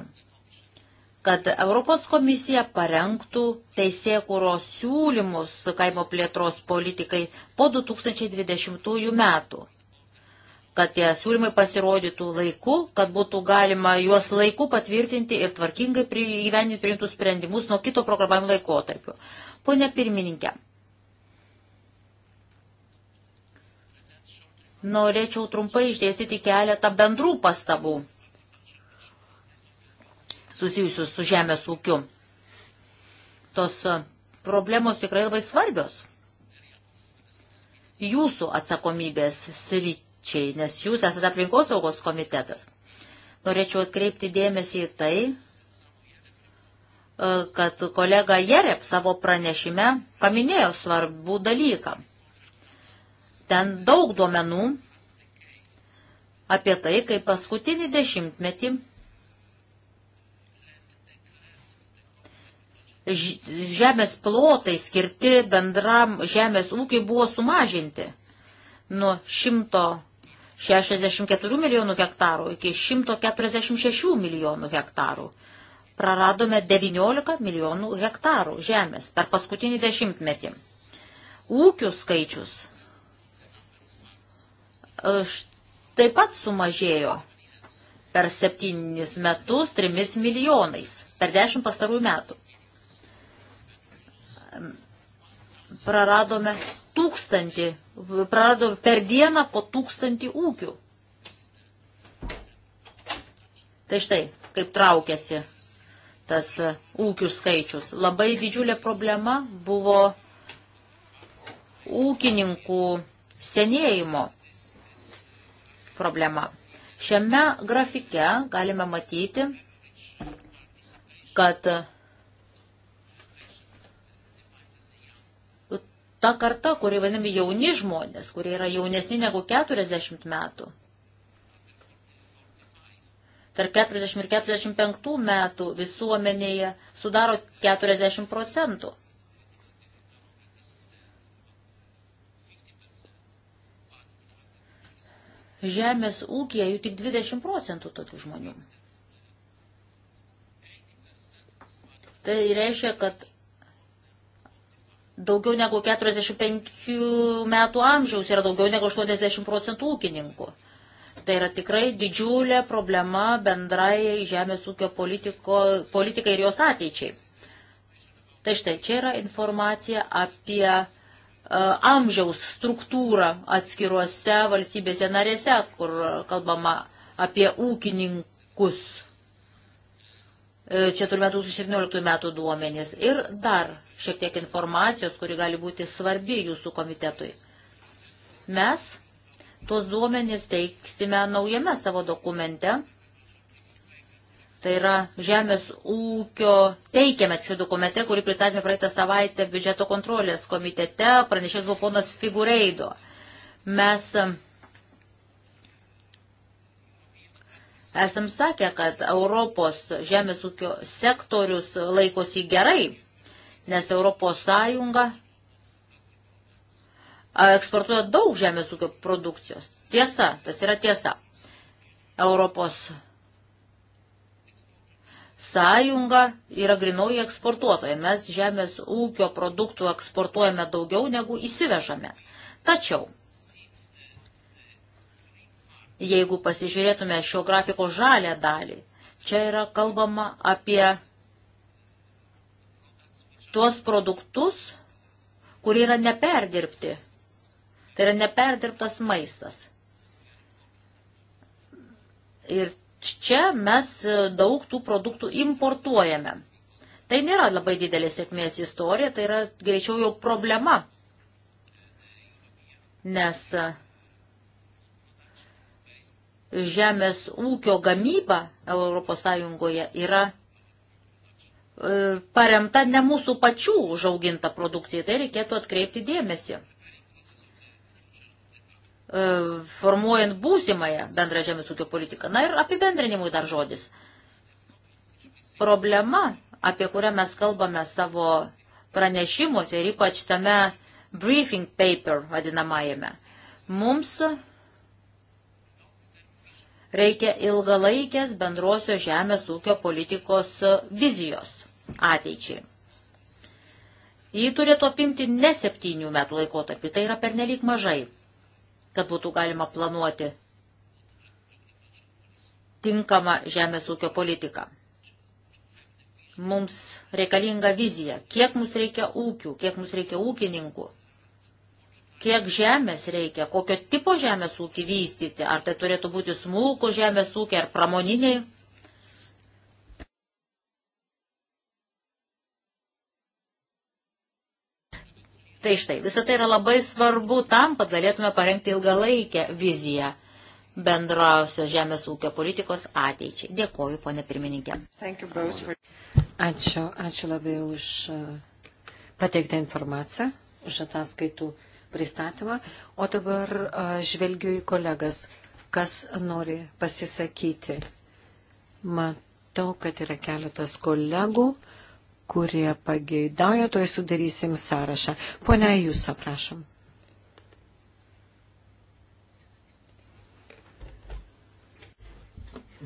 A: kad Europos komisija parengtų teisėkūros siūlymus kaimo plėtros politikai po 2020 metų kad tie siūlymai pasirodytų laiku, kad būtų galima juos laiku patvirtinti ir tvarkingai įgyveninti priimtus sprendimus nuo kito programavimo laikotarpio. Pone pirmininkė, norėčiau trumpai išdėstyti keletą bendrų pastabų susijusius su žemės ūkiu. Tos problemos tikrai labai svarbios. Jūsų atsakomybės sritis sričiai, nes jūs esate aplinkosaugos komitetas. Norėčiau atkreipti dėmesį į tai, e, kad kolega Jereb savo pranešime paminėjo svarbų dalyką. Ten daug duomenų apie tai, kaip paskutinį dešimtmetį žemės plotai skirti bendram žemės ūkiai buvo sumažinti nuo 100 64 milijonų hektarų iki 146 milijonų hektarų. Praradome 19 milijonų hektarų žemės per paskutinį dešimtmetį. Ūkių skaičius e, taip pat sumažėjo per septynis metus trimis milijonais, per dešimt pastarųjų metų. Praradome tūkstantį prarado per dieną po tūkstantį ūkių. Tai štai, kaip traukėsi tas e, ūkių skaičius. Labai didžiulė problema buvo ūkininkų senėjimo problema. Šiame grafike galime matyti, kad ta karta, kurie vadinami jauni žmonės, kurie yra jaunesni negu 40 metų. Tarp 40 ir 45 metų visuomenėje sudaro 40 procentų. Žemės ūkija jų tik 20 procentų tokių žmonių. Tai reiškia, kad daugiau negu 45 metų amžiaus yra daugiau negu 80 procentų ūkininkų. Tai yra tikrai didžiulė problema bendrai žemės ūkio politiko, politikai ir jos ateičiai. Tai štai, čia yra informacija apie uh, amžiaus struktūrą atskiruose valstybėse narėse, kur kalbama apie ūkininkus. E, čia turime 2017 metų duomenis. Ir dar šiek tiek informacijos, kuri gali būti svarbi jūsų komitetui. Mes tuos duomenys teiksime naujame savo dokumente. Tai yra Žemės ūkio teikiame šį dokumente, kurį pristatėme praeitą savaitę biudžeto kontrolės komitete, pranešęs buvo ponas Figureido. Mes um, esam sakę, kad Europos žemės ūkio sektorius laikosi gerai nes ES eksportuoja daug žemės ūkio produkcijos. Tiesa, tas yra tiesa. Europos sąjunga yra grinoji eksportuotoja. Mes žemės ūkio produktų eksportuojame daugiau negu įsivežame. Tačiau, jeigu pasižiūrėtume šio grafiko žalę dalį, čia yra kalbama apie tuos produktus, kurie yra neperdirbti. Tai yra neperdirbtas maistas. Ir čia mes e, daug tų produktų importuojame. Tai nėra labai didelė sėkmės istorija, tai yra greičiau jau problema. Nes e, žemės ūkio gamyba ES yra E, paremta ne mūsų pačių užauginta produkcija. Tai reikėtų atkreipti dėmesį. E, formuojant būsimąją bendrą žemės ūkio politiką. Na ir apibendrinimui dar žodis. Problema, apie kurią mes kalbame savo pranešimuose ir ypač tame briefing paper vadinamajame, mums reikia ilgalaikės bendrosios žemės ūkio politikos vizijos ateičiai. Jį turėtų apimti ne septynių metų laikotarpį, tai yra pernelyg mažai, kad būtų galima planuoti tinkamą žemės ūkio politiką. Mums reikalinga vizija, kiek mums reikia ūkių, kiek mums reikia ūkininkų, kiek žemės reikia, kokio tipo žemės ūkį vystyti, ar tai turėtų būti smulkų žemės ūkiai ar pramoniniai Tai štai, visą tai yra labai svarbu tam, kad galėtume parengti ilgalaikę viziją bendrausios žemės ūkio politikos ateičiai. Dėkoju, ponė pirmininkė.
B: Ačiū, ačiū labai už uh, pateiktą informaciją, už ataskaitų pristatymą. O dabar uh, žvelgiu į kolegas, kas nori pasisakyti. Matau, kad yra keletas kolegų kurie pageidauja, toj sudarysim sąrašą. Pone Jūs, prašom.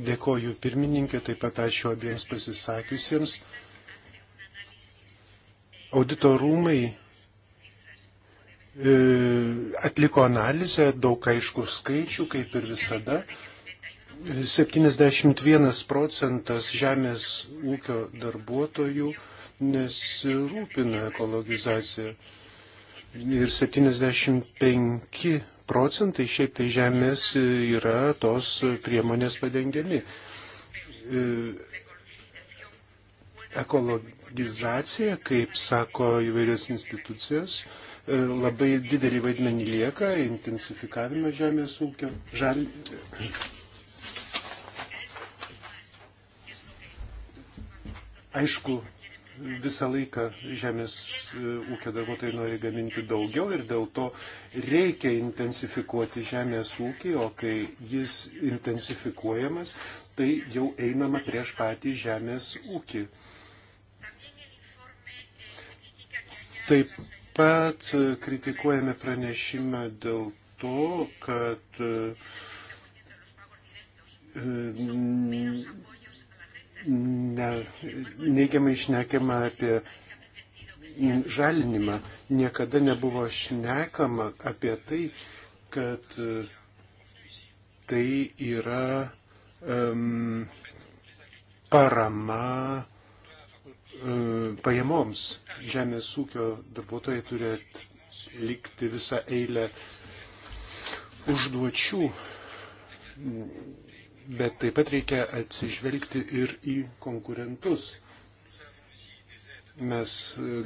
C: Dėkoju pirmininkė, taip pat ačiū abiems pasisakiusiems. Audito rūmai e, atliko analizę, daug aiškų skaičių, kaip ir visada. 71 e, procentas žemės ūkio darbuotojų nesirūpina ekologizacija. Ir 75 procentai šiaip tai žemės yra tos priemonės padengiami. E, ekologizacija, kaip sako įvairios institucijos, e, labai didelį vaidmenį lieka intensifikavimą žemės ūkio. Žal... Aišku, visą laiką žemės e, ūkio darbuotojai nori gaminti daugiau ir dėl to reikia intensifikuoti žemės ūkį, o kai jis intensifikuojamas, tai jau einama prieš patį žemės ūkį. Taip pat e, kritikuojame pranešimą dėl to, kad e, ne, neigiamai išnekama apie žalinimą. Niekada nebuvo šnekama apie tai, kad tai yra um, parama um, pajamoms. Žemės ūkio darbuotojai turi atlikti visą eilę užduočių bet taip pat reikia atsižvelgti ir į konkurentus. Mes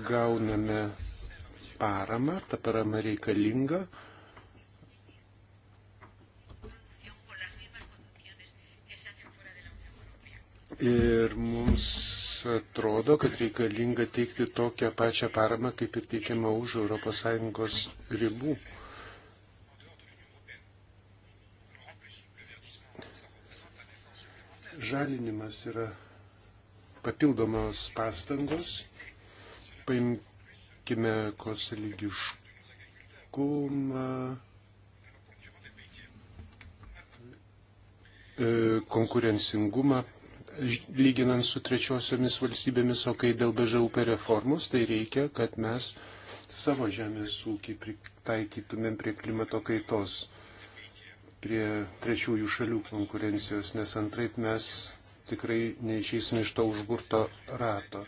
C: gauname paramą, ta parama reikalinga. Ir mums atrodo, kad reikalinga teikti tokią pačią paramą, kaip ir teikiama už ES ribų. žalinimas yra papildomos pastangos. Paimkime koselygiškumą, e, konkurencingumą, lyginant su trečiosiomis valstybėmis, o kai dėl BŽUP reformos, tai reikia, kad mes savo žemės ūkį pritaikytumėm prie klimato kaitos prie trečiųjų šalių konkurencijos, nes antraip mes tikrai neišeisime iš to užburto rato.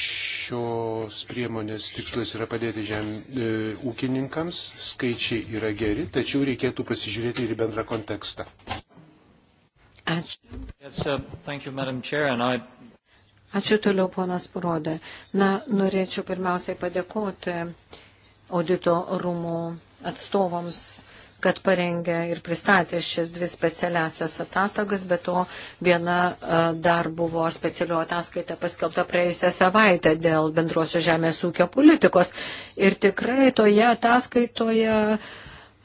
C: Šios priemonės tikslas yra padėti žem e, ūkininkams, skaičiai yra geri, tačiau reikėtų pasižiūrėti ir į bendrą kontekstą.
B: Ačiū. Yes, uh, thank you, Madam Chair, and I Ačiū toliau, ponas Purodė. Na, norėčiau pirmiausiai padėkoti audito rūmų atstovams kad parengė ir pristatė šias dvi specialiasias atastogas, bet to viena e, dar buvo specialio ataskaita paskelbta praėjusią savaitę dėl bendrosios žemės ūkio politikos. Ir tikrai toje ataskaitoje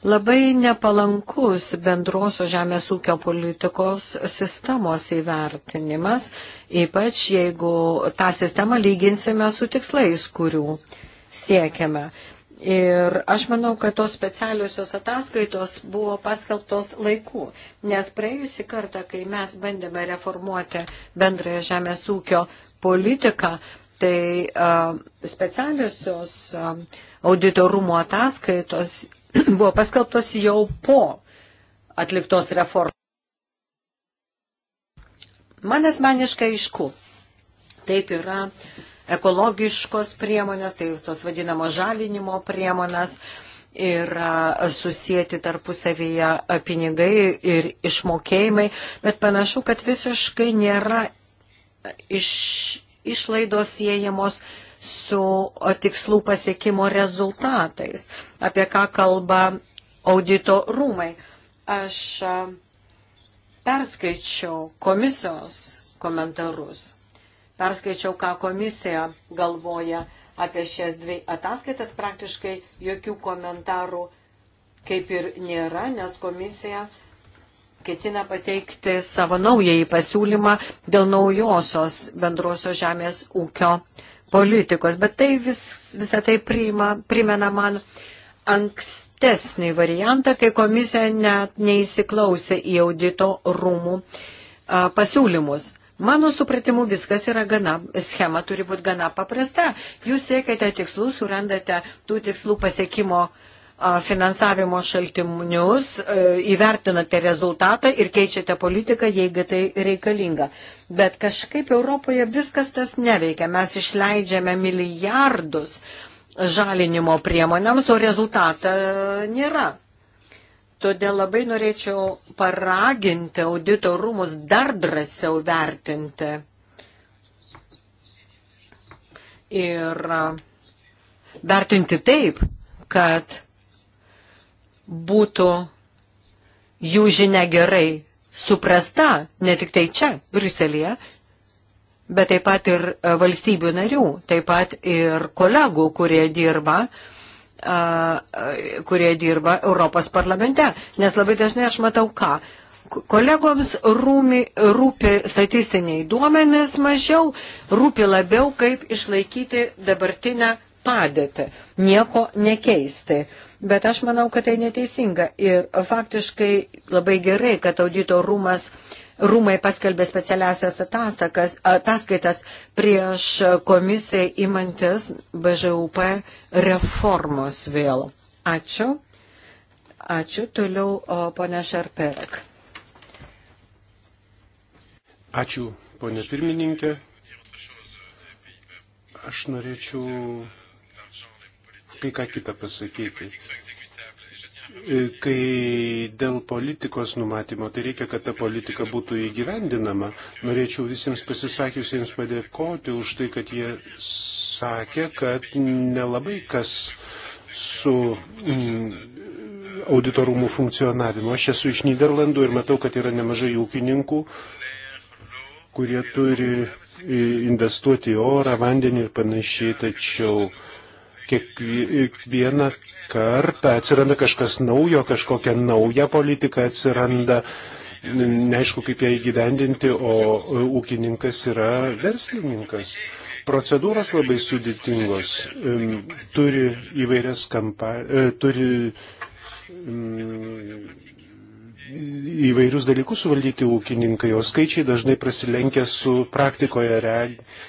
B: labai nepalankus bendrosios žemės ūkio politikos sistemos įvertinimas, ypač jeigu tą sistemą lyginsime su tikslais, kurių siekiame. Ir aš manau, kad tos specialiosios ataskaitos buvo paskelbtos laiku, nes praėjusį kartą, kai mes bandėme reformuoti bendrąją žemės ūkio politiką, tai uh, specialiosios uh, auditorumo ataskaitos (clears throat) buvo paskelbtos jau po atliktos reformos. Man asmeniškai aišku, taip yra ekologiškos priemonės, tai tos vadinamo žalinimo priemonės yra susijęti tarpusavyje pinigai ir išmokėjimai, bet panašu, kad visiškai nėra iš, išlaidos siejamos su tikslų pasiekimo rezultatais, apie ką kalba audito rūmai. Aš perskaičiau komisijos komentarus perskaičiau, ką komisija galvoja apie šias dvi ataskaitas, praktiškai jokių komentarų kaip ir nėra, nes komisija ketina pateikti savo naująjį pasiūlymą dėl naujosios bendrosios žemės ūkio politikos. Bet tai vis, visą tai priima, primena man ankstesnį variantą, kai komisija net neįsiklausė į audito rūmų a, pasiūlymus. Mano supratimu, viskas yra gana, schema turi būti gana paprasta. Jūs siekite tikslų, surandate tų tikslų pasiekimo finansavimo šaltinius, e, įvertinate rezultatą ir keičiate politiką, jeigu tai reikalinga. Bet kažkaip Europoje viskas tas neveikia. Mes išleidžiame milijardus žalinimo priemonėms, o rezultatą e, nėra. Todėl labai norėčiau paraginti audito rūmus dar drąsiau vertinti. Ir vertinti taip, kad būtų jų žinia gerai suprasta, ne tik tai čia, Briuselėje, bet taip pat ir valstybių narių, taip pat ir kolegų, kurie dirba uh, kurie dirba Europos parlamente. Nes labai dažnai aš matau ką. Kolegoms rūmi, rūpi statistiniai duomenys mažiau, rūpi labiau, kaip išlaikyti dabartinę padėtį, nieko nekeisti. Bet aš manau, kad tai neteisinga ir faktiškai labai gerai, kad audito rūmas uh, rūmai paskelbė specialiasias ataskaitas prieš komisiją imantis BŽUP reformos vėl. Ačiū. Ačiū. Toliau ponia Šarperek.
C: Ačiū, ponė pirmininkė. Aš norėčiau kai ką kitą pasakyti. Kai dėl politikos numatymo, tai reikia, kad ta politika būtų įgyvendinama. Norėčiau visiems pasisakiusiems padėkoti už tai, kad jie sakė, kad nelabai kas su mm, auditorumų funkcionavimu. Aš esu iš Niderlandų ir matau, kad yra nemažai ūkininkų, kurie turi investuoti į orą, vandenį ir panašiai, tačiau uh, kiekvieną kartą atsiranda kažkas naujo, kažkokia nauja politika atsiranda, neaišku kaip ją įgyvendinti, o e, ūkininkas yra verslininkas. Procedūros labai sudėtingos, turi įvairias kampanijas, e, turi mm, įvairius dalykus suvaldyti ūkininkai, o skaičiai dažnai prasilenkia su praktikoje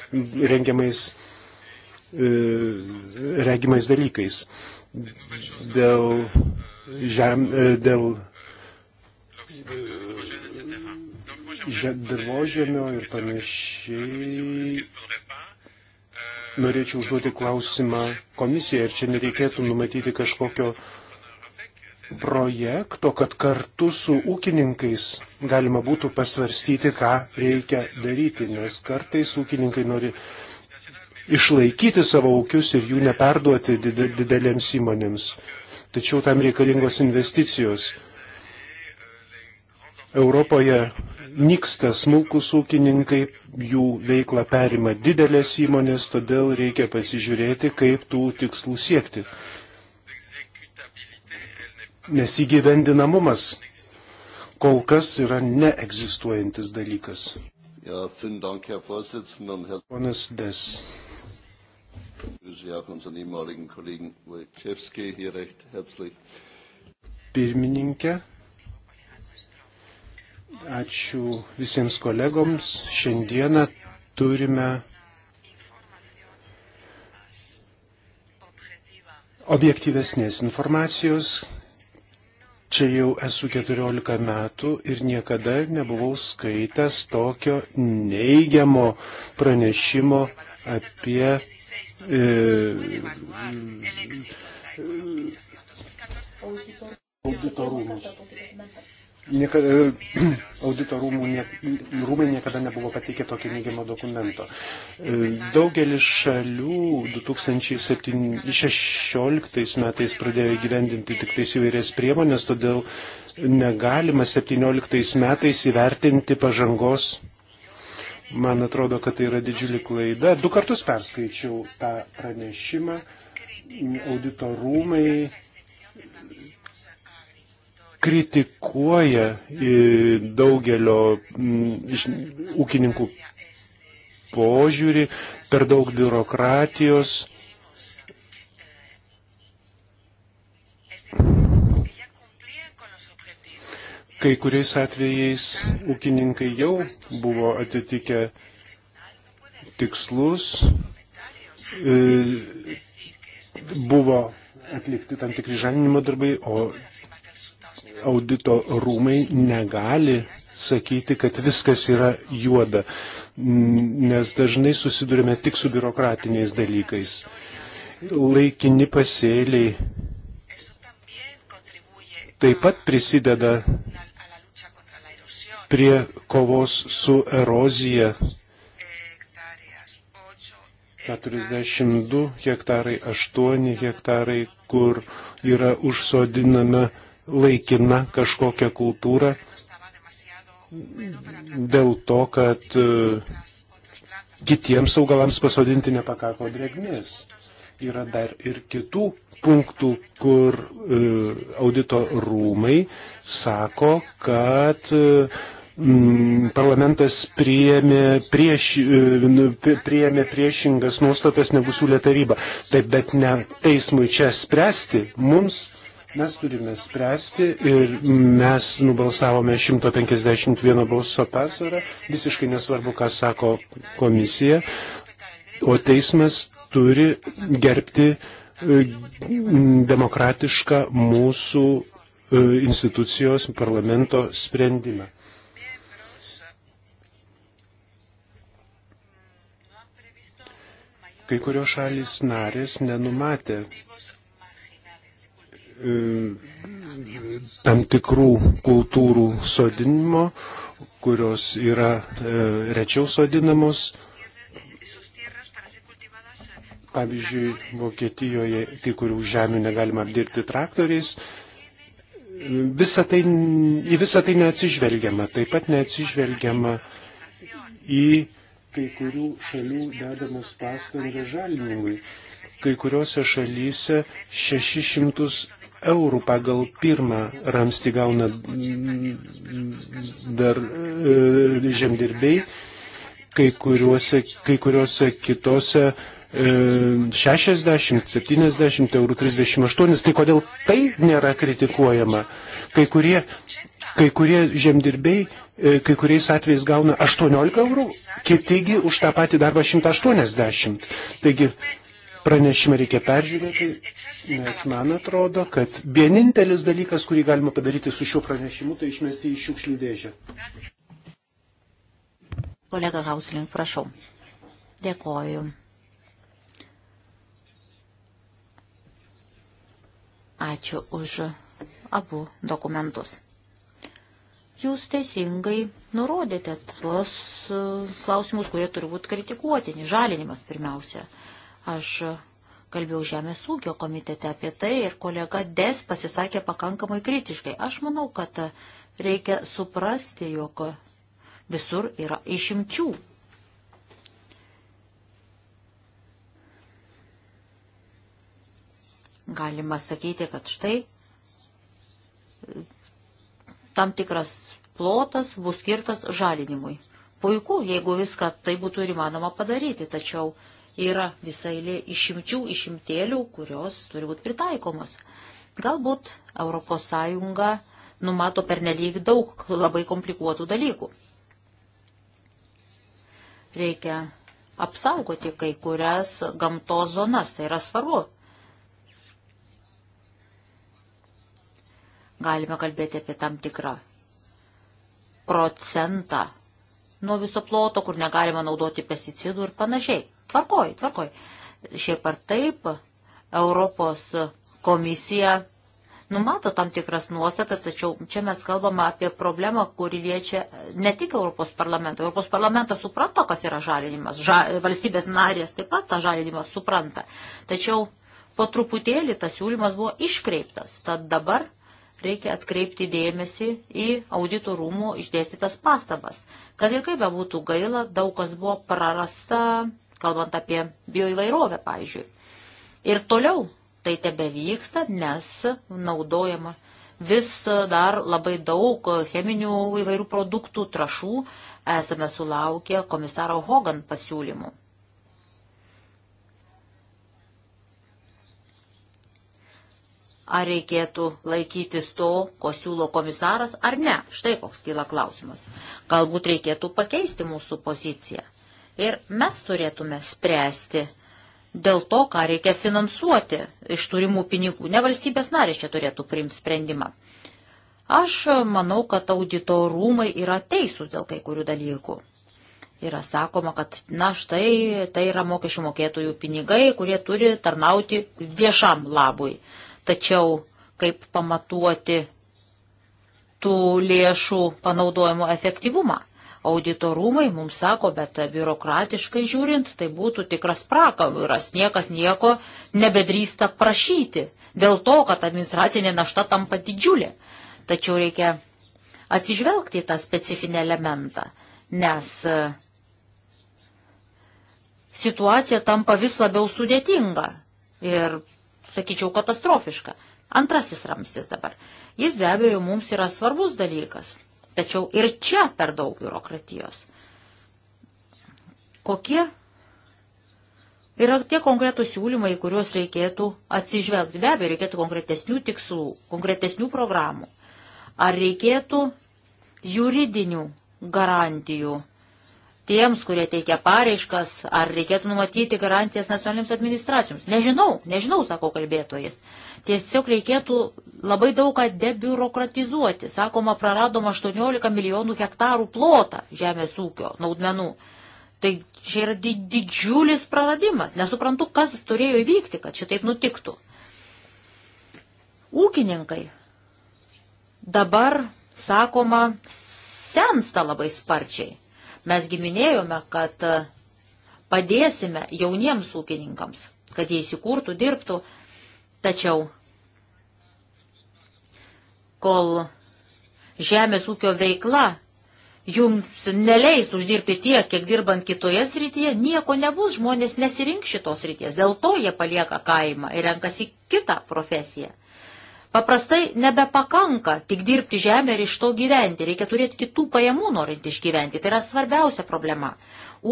C: rengiamais E, regimais dalykais. Dėl, žem, e, dėl e, dirbožėmio ir panašiai. Norėčiau užduoti klausimą komisijai, ar čia nereikėtų numatyti kažkokio projekto, kad kartu su ūkininkais galima būtų pasvarstyti, ką reikia daryti, nes kartais ūkininkai nori išlaikyti savo ūkius ir jų neperduoti didelėms įmonėms. Tačiau tam reikalingos investicijos. Europoje nyksta smulkus ūkininkai, jų veiklą perima didelės įmonės, todėl reikia pasižiūrėti, kaip tų tikslų siekti. Nes įgyvendinamumas kol kas yra neegzistuojantis dalykas. Ponas Des. Pirmininkė, ačiū visiems kolegoms. Šiandieną turime objektyvesnės informacijos. Čia jau esu 14 metų ir niekada nebuvau skaitęs tokio neigiamo pranešimo apie E, auditorumų. Niekada, e, auditorumų nie, rūmai niekada nebuvo pateikę tokio neigiamo dokumento. E, daugelis šalių 2016 metais pradėjo įgyvendinti tik tais įvairias priemonės, todėl negalima 2017 metais įvertinti pažangos Man atrodo, kad tai yra didžiulė klaida. Du kartus perskaičiau tą pranešimą. Audito rūmai kritikuoja e, daugelio mm, ūkininkų požiūrį, per daug biurokratijos Kai kuriais atvejais ūkininkai jau buvo atitikę tikslus, e, buvo atlikti tam tikri žalinimo darbai, o audito rūmai negali sakyti, kad viskas yra juoda, nes dažnai susidurime tik su biurokratiniais dalykais. Laikini pasėliai taip pat prisideda prie kovos su erozija. 42 hektarai, 8 hektarai, kur yra užsodinama laikina kažkokia kultūra dėl to, kad e, kitiems augalams pasodinti nepakako drėgmės. Yra dar ir kitų punktų, kur e, audito rūmai sako, kad e, Mm, parlamentas priėmė, prieš, e, nu, priėmė priešingas nuostatas negu siūlė taryba. Taip, bet ne teismui čia spręsti, mums mes turime spręsti ir mes nubalsavome 151 balso persvarą, visiškai nesvarbu, ką sako komisija, o teismas turi gerbti e, demokratišką mūsų e, institucijos parlamento sprendimą. Kai kurios šalis narės nenumatė e, tam tikrų kultūrų sodinimo, kurios yra e, rečiau sodinamos. Pavyzdžiui, Vokietijoje kai kurių žemių negalima apdirbti traktoriais. Visa tai, į visą tai neatsižvelgiama. Taip pat neatsižvelgiama į kai kurių šalių dedamos pastangas žalinimui. Kai kuriuose šalyse 600 eurų pagal pirmą ramstį gauna dar e, žemdirbiai, kai, kuriuose, kai kuriuose kitose 60, e, 70 eurų, 38, tai kodėl tai nėra kritikuojama? Kai kurie, kai kurie žemdirbiai E, kai kuriais atvejais gauna 18 eurų, kitigi už tą patį darbą 180. Taigi pranešimą reikia peržiūrėti, nes man atrodo, kad vienintelis dalykas, kurį galima padaryti su šiuo pranešimu, tai išmesti į šiukšlių dėžę.
A: Kolega Hauslink, prašau. Dėkoju. Ačiū už abu dokumentus. Jūs teisingai nurodėte tuos e, klausimus, kurie turbūt kritikuotini. Žalinimas pirmiausia. Aš kalbėjau Žemės ūkio komitete apie tai ir kolega Des pasisakė pakankamai kritiškai. Aš manau, kad reikia suprasti, jog visur yra išimčių. Galima sakyti, kad štai e, tam tikras plotas bus skirtas žalinimui. Puiku, jeigu viską tai būtų ir įmanoma padaryti, tačiau yra visai išimčių, išimtėlių, kurios turi būti pritaikomos. Galbūt ES numato pernelyg daug labai komplikuotų dalykų. Reikia apsaugoti kai kurias gamtos zonas, tai yra svarbu. Galime kalbėti apie tam tikrą procentą nuo viso ploto, kur negalima naudoti pesticidų ir panašiai. Tvarkoj, tvarkoj. Šiaip ar taip, Europos komisija numato tam tikras nuostatas, tačiau čia mes kalbame apie problemą, kuri liečia ne tik Europos parlamentą. Europos parlamentas supranta, kas yra žalinimas. Ža, valstybės narės taip pat tą žalinimą supranta. Tačiau po truputėlį tas siūlymas buvo iškreiptas. Tad dabar reikia atkreipti dėmesį į audito rūmų išdėstytas pastabas. Kad ir kaip bebūtų gaila, daug kas buvo prarasta, kalbant apie bioįvairovę, pavyzdžiui. Ir toliau tai tebe vyksta, nes naudojama vis dar labai daug cheminių įvairių produktų, trašų, esame sulaukę komisaro Hogan pasiūlymų. ar reikėtų laikytis to, ko siūlo komisaras, ar ne. Štai koks kyla klausimas. Galbūt reikėtų pakeisti mūsų poziciją. Ir mes turėtume spręsti dėl to, ką reikia finansuoti iš turimų pinigų. Ne valstybės narės čia turėtų priimti sprendimą. Aš manau, kad auditorumai yra teisūs dėl kai kurių dalykų. Yra sakoma, kad na štai tai yra mokesčių mokėtojų pinigai, kurie turi tarnauti viešam labui. Tačiau kaip pamatuoti tų lėšų panaudojimo efektyvumą? Auditorumai mums sako, bet biurokratiškai žiūrint, tai būtų tikras prakaviras, niekas nieko nebedrįsta prašyti dėl to, kad administracinė našta tampa didžiulė. Tačiau reikia atsižvelgti į tą specifinį elementą, nes e, situacija tampa vis labiau sudėtinga ir sakyčiau, katastrofiška. Antrasis ramstis dabar. Jis be abejo mums yra svarbus dalykas, tačiau ir čia per daug biurokratijos. Kokie yra tie konkretūs siūlymai, kuriuos reikėtų atsižvelgti? Be abejo, reikėtų konkretesnių tikslų, konkretesnių programų. Ar reikėtų juridinių garantijų tiems, kurie teikia pareiškas, ar reikėtų numatyti garantijas nacionalinėms administracijoms. Nežinau, nežinau, sako kalbėtojas. Tiesiog reikėtų labai daugą debiurokratizuoti. Sakoma, praradom 18 milijonų hektarų plotą žemės ūkio naudmenų. Tai čia yra didžiulis praradimas. Nesuprantu, kas turėjo įvykti, kad šitaip nutiktų. Ūkininkai dabar, sakoma, sensta labai sparčiai. Mes giminėjome, kad e, padėsime jauniems ūkininkams, kad jie įsikurtų, dirbtų, tačiau kol žemės ūkio veikla jums neleis uždirbti tiek, kiek dirbant kitoje srityje, nieko nebus, žmonės nesirink šitos srities. Dėl to jie palieka kaimą ir renkasi kitą profesiją. Paprastai nebepakanka tik dirbti žemę ir iš to gyventi, reikia turėti kitų pajamų norint išgyventi, tai yra svarbiausia problema.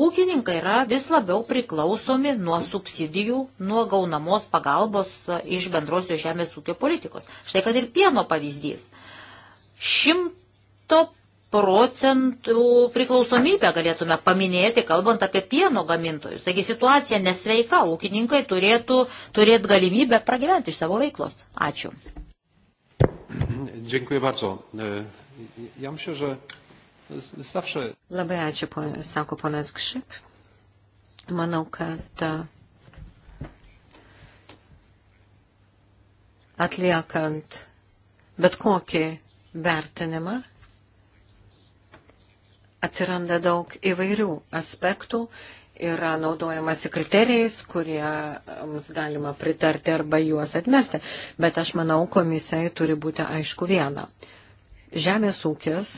A: Ūkininkai yra vis labiau priklausomi nuo subsidijų, nuo gaunamos pagalbos e, iš bendrosios žemės ūkio politikos. Štai kad ir pieno pavyzdys. Šimto procentų priklausomybę galėtume paminėti, kalbant apie pieno gamintojus. Taigi situacija nesveika, ūkininkai turėtų turėti galimybę pragyventi iš savo veiklos. Ačiū.
C: Dziękuję bardzo. E, ja myślę, że zawsze.
B: Labai ačiū, sako ponas Gšip. Manau, kad e, atliekant bet kokį vertinimą atsiranda daug įvairių aspektų yra naudojamasi kriterijais, kuriems galima pritarti arba juos atmesti. Bet aš manau, komisijai turi būti aišku viena. Žemės ūkis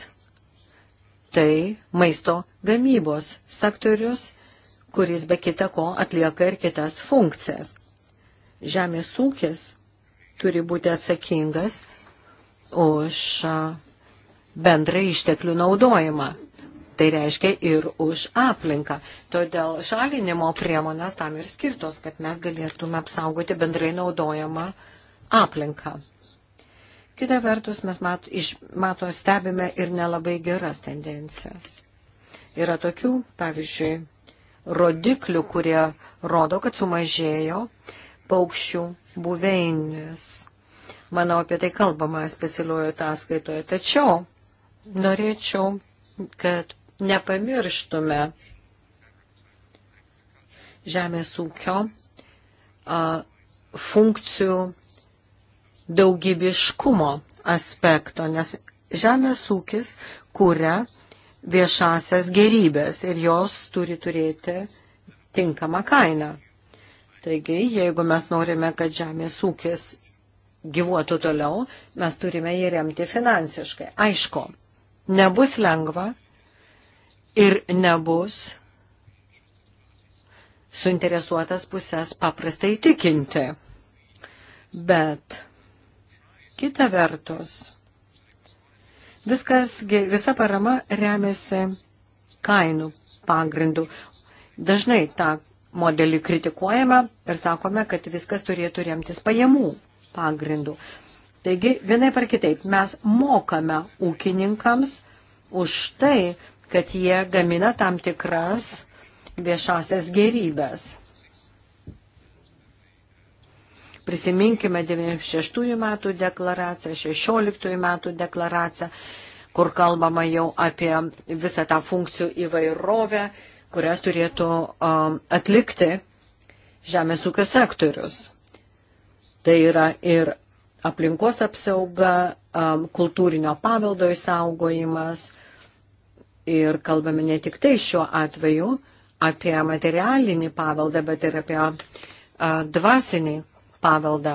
B: tai maisto gamybos sektorius, kuris be kita ko atlieka ir kitas funkcijas. Žemės ūkis turi būti atsakingas už bendrą išteklių naudojimą tai reiškia ir už aplinką. Todėl šalinimo priemonės tam ir skirtos, kad mes galėtume apsaugoti bendrai naudojamą aplinką. Kita vertus, mes mat, iš, mato, stebime ir nelabai geras tendencijas. Yra tokių, pavyzdžiui, rodiklių, kurie rodo, kad sumažėjo paukščių buveinės. Manau, apie tai kalbama specialiojo ataskaitoje. Tačiau norėčiau, kad nepamirštume žemės ūkio a, funkcijų daugybiškumo aspekto, nes žemės ūkis kūrė viešasias gerybės ir jos turi turėti tinkamą kainą. Taigi, jeigu mes norime, kad žemės ūkis gyvuotų toliau, mes turime jį remti finansiškai. Aišku, nebus lengva, ir nebus suinteresuotas pusės paprastai tikinti. Bet kita vertus, viskas, visa parama remiasi kainų pagrindų. Dažnai tą modelį kritikuojame ir sakome, kad viskas turėtų remtis pajamų pagrindų. Taigi, vienai par kitaip, mes mokame ūkininkams už tai, kad jie gamina tam tikras viešasias gerybės. Prisiminkime 96 metų deklaraciją, 16 metų deklaraciją, kur kalbama jau apie visą tą funkcijų įvairovę, kurias turėtų um, atlikti žemės ūkio sektorius. Tai yra ir aplinkos apsauga, um, kultūrinio paveldo įsaugojimas, uh, ir kalbame ne tik tai šiuo atveju apie materialinį paveldą, bet ir apie a, dvasinį paveldą.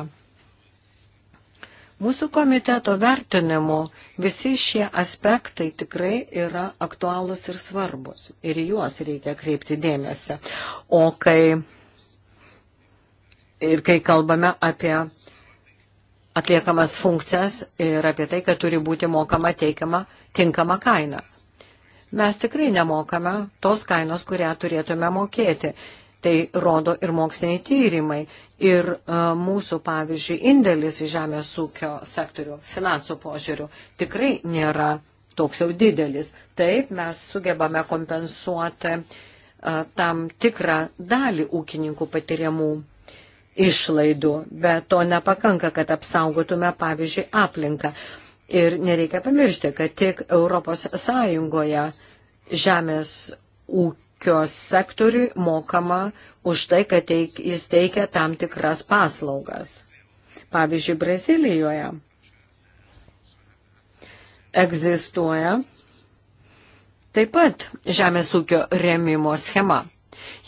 B: Mūsų komiteto vertinimu visi šie aspektai tikrai yra aktualūs ir svarbus ir juos reikia kreipti dėmesį. O kai ir kai kalbame apie atliekamas funkcijas ir apie tai, kad turi būti mokama teikiama tinkama kaina mes tikrai nemokame tos kainos, kurią turėtume mokėti. Tai rodo ir moksliniai tyrimai, ir uh, mūsų, pavyzdžiui, indėlis į žemės ūkio sektorių finansų požiūrių tikrai nėra toks jau didelis. Taip, mes sugebame kompensuoti uh, tam tikrą dalį ūkininkų patiriamų išlaidų, bet to nepakanka, kad apsaugotume, pavyzdžiui, aplinką. Uh, Ir nereikia pamiršti, kad tik Europos Sąjungoje žemės ūkio sektoriui mokama už tai, kad teik, jis teikia tam tikras paslaugas. Pavyzdžiui, Brazilijoje egzistuoja taip pat žemės ūkio remimo schema.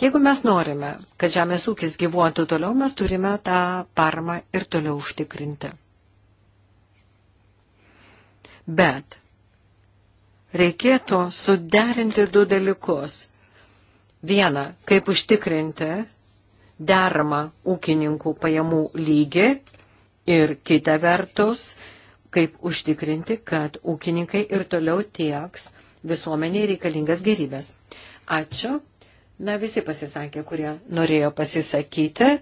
B: Jeigu mes norime, kad žemės ūkis gyvuotų toliau, mes turime tą parmą ir toliau užtikrinti. Bet reikėtų suderinti du dalykus. Viena, kaip užtikrinti deramą ūkininkų pajamų lygį ir kita vertus, kaip užtikrinti, kad ūkininkai ir toliau tieks visuomeniai reikalingas gerybės. Ačiū. Na, visi pasisakė, kurie norėjo pasisakyti.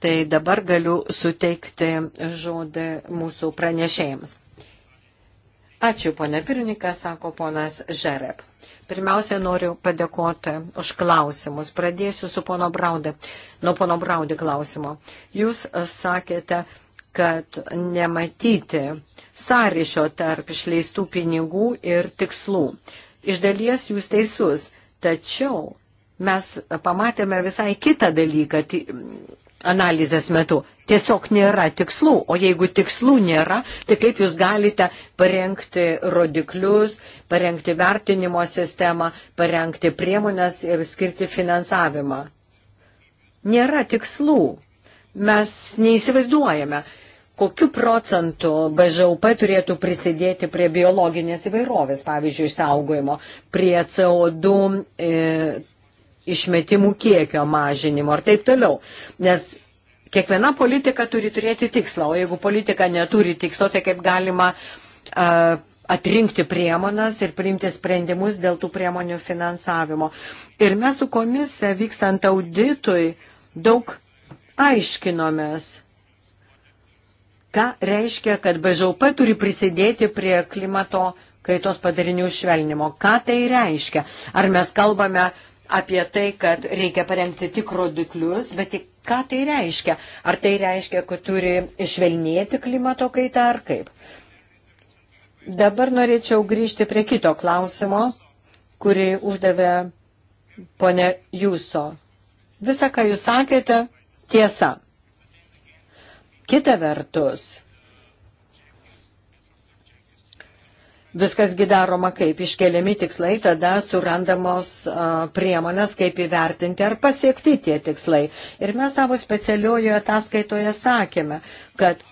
B: Tai dabar galiu suteikti žodį mūsų pranešėjams. Ačiū, ponė pirmininkė, sako ponas Žereb. Pirmiausia, noriu padėkoti už klausimus. Pradėsiu su pono Braudė, nuo pono Braudė klausimo. Jūs sakėte, kad nematyti sąryšio tarp išleistų pinigų ir tikslų. Iš dalies jūs teisus, tačiau mes pamatėme visai kitą dalyką analizės metu tiesiog nėra tikslų. O jeigu tikslų nėra, tai kaip jūs galite parengti rodiklius, parengti vertinimo sistemą, parengti priemonės ir skirti finansavimą? Nėra tikslų. Mes neįsivaizduojame, kokiu procentu BŽUP turėtų prisidėti prie biologinės įvairovės, pavyzdžiui, išsaugojimo, prie CO2 e, išmetimų kiekio mažinimo ir taip toliau. Nes Kiekviena politika turi turėti tikslą, o jeigu politika neturi tikslo, tai kaip galima uh, atrinkti priemonas ir priimti sprendimus dėl tų priemonių finansavimo. Ir mes su komisija vykstant auditui daug aiškinomės, ką reiškia, kad BŽP turi prisidėti prie klimato kaitos padarinių švelnimo. Ką tai reiškia? Ar mes kalbame apie tai, kad reikia parengti tik rodiklius, bet tik Ką tai reiškia? Ar tai reiškia, kad turi švelnėti klimato kaitą ar kaip? Dabar norėčiau grįžti prie kito klausimo, kurį uždavė ponė Jūso. Visa, ką jūs sakėte, tiesa. Kita vertus, Viskasgi daroma kaip, iškeliami tikslai, tada surandamos uh, priemonės, kaip įvertinti ar pasiekti tie tikslai. Ir mes savo specialiojoje ataskaitoje sakėme, kad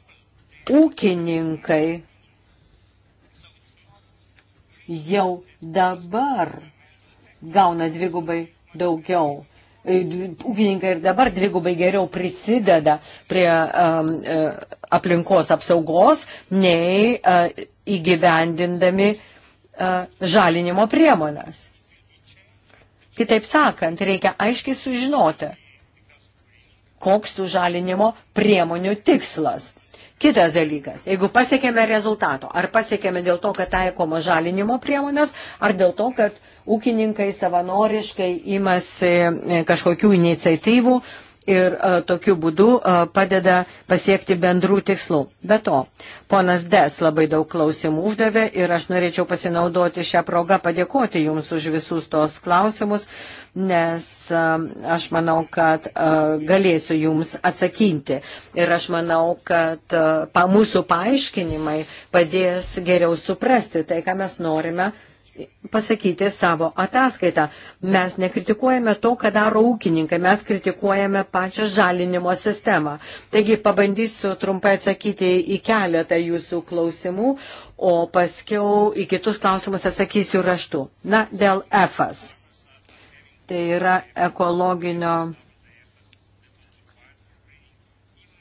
B: ūkininkai jau dabar gauna dvigubai daugiau E, ūkininkai ir dabar dvigubai geriau prisideda prie um, e, aplinkos apsaugos, nei uh, įgyvendindami uh, žalinimo priemonės. Kitaip sakant, reikia aiškiai sužinoti, koks tų žalinimo priemonių tikslas. Kitas dalykas, jeigu pasiekėme rezultato, ar pasiekėme dėl to, kad taikoma žalinimo priemonės, ar dėl to, kad ūkininkai savanoriškai imasi e, kažkokių iniciatyvų ir e, tokiu būdu e, padeda pasiekti bendrų tikslų. Be to, ponas Des labai daug klausimų uždavė ir aš norėčiau pasinaudoti šią progą padėkoti Jums už visus tos klausimus, nes aš manau, kad galėsiu Jums atsakinti ir aš manau, kad mūsų paaiškinimai padės geriau suprasti tai, ką mes norime pasakyti savo ataskaitą. Mes nekritikuojame to, ką daro ūkininkai, mes kritikuojame pačią žalinimo sistemą. Taigi pabandysiu trumpai atsakyti į keletą jūsų klausimų, o paskiau į kitus klausimus atsakysiu raštu. Na, dėl EFAS. Tai yra ekologinio,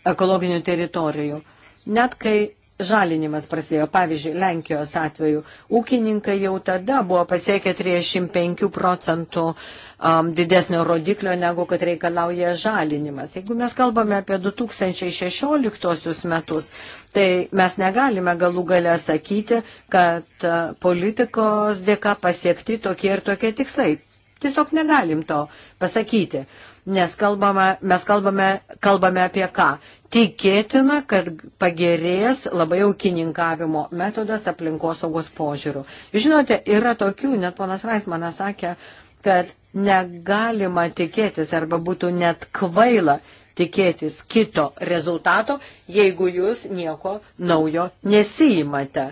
B: ekologinių teritorijų. Net kai žalinimas prasidėjo. Pavyzdžiui, Lenkijos atveju ūkininkai jau tada buvo pasiekę 35 procentų um, didesnio rodiklio, negu kad reikalauja žalinimas. Jeigu mes kalbame apie 2016 metus, tai mes negalime galų gale sakyti, kad uh, politikos dėka pasiekti tokie ir tokie tikslai. Tiesiog negalim to pasakyti nes kalbame, mes kalbame, kalbame apie ką? Tikėtina, kad pagerės labai aukininkavimo metodas aplinkosaugos požiūrių. Jūs žinote, yra tokių, net ponas Raismanas sakė, kad negalima tikėtis arba būtų net kvaila tikėtis kito rezultato, jeigu jūs nieko naujo nesijimate.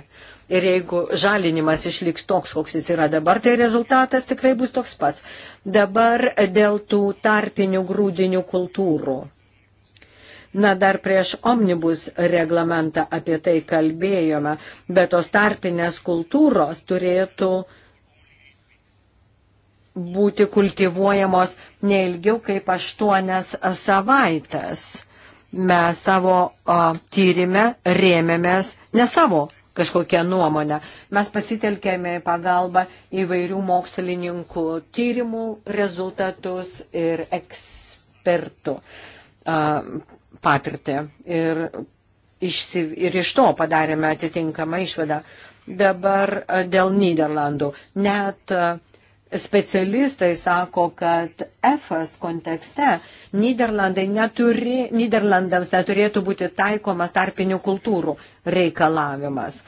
B: Ir jeigu žalinimas išliks toks, koks jis yra dabar, tai rezultatas tikrai bus toks pats. Dabar dėl tų tarpinių grūdinių kultūrų Na, dar prieš omnibus reglamentą apie tai kalbėjome, bet tos tarpinės kultūros turėtų būti kultivuojamos neilgiau kaip aštuonias savaitės. Mes savo o, tyrimę rėmėmės ne savo kažkokią nuomonę. Mes pasitelkėme pagalbą įvairių mokslininkų tyrimų rezultatus ir ekspertų patirtį ir, išsi, ir iš to padarėme atitinkamą išvadą. Dabar e, dėl Niderlandų. Net e, specialistai sako, kad EFAS kontekste Niderlandai neturi, Niderlandams neturėtų būti taikomas tarpinių kultūrų reikalavimas.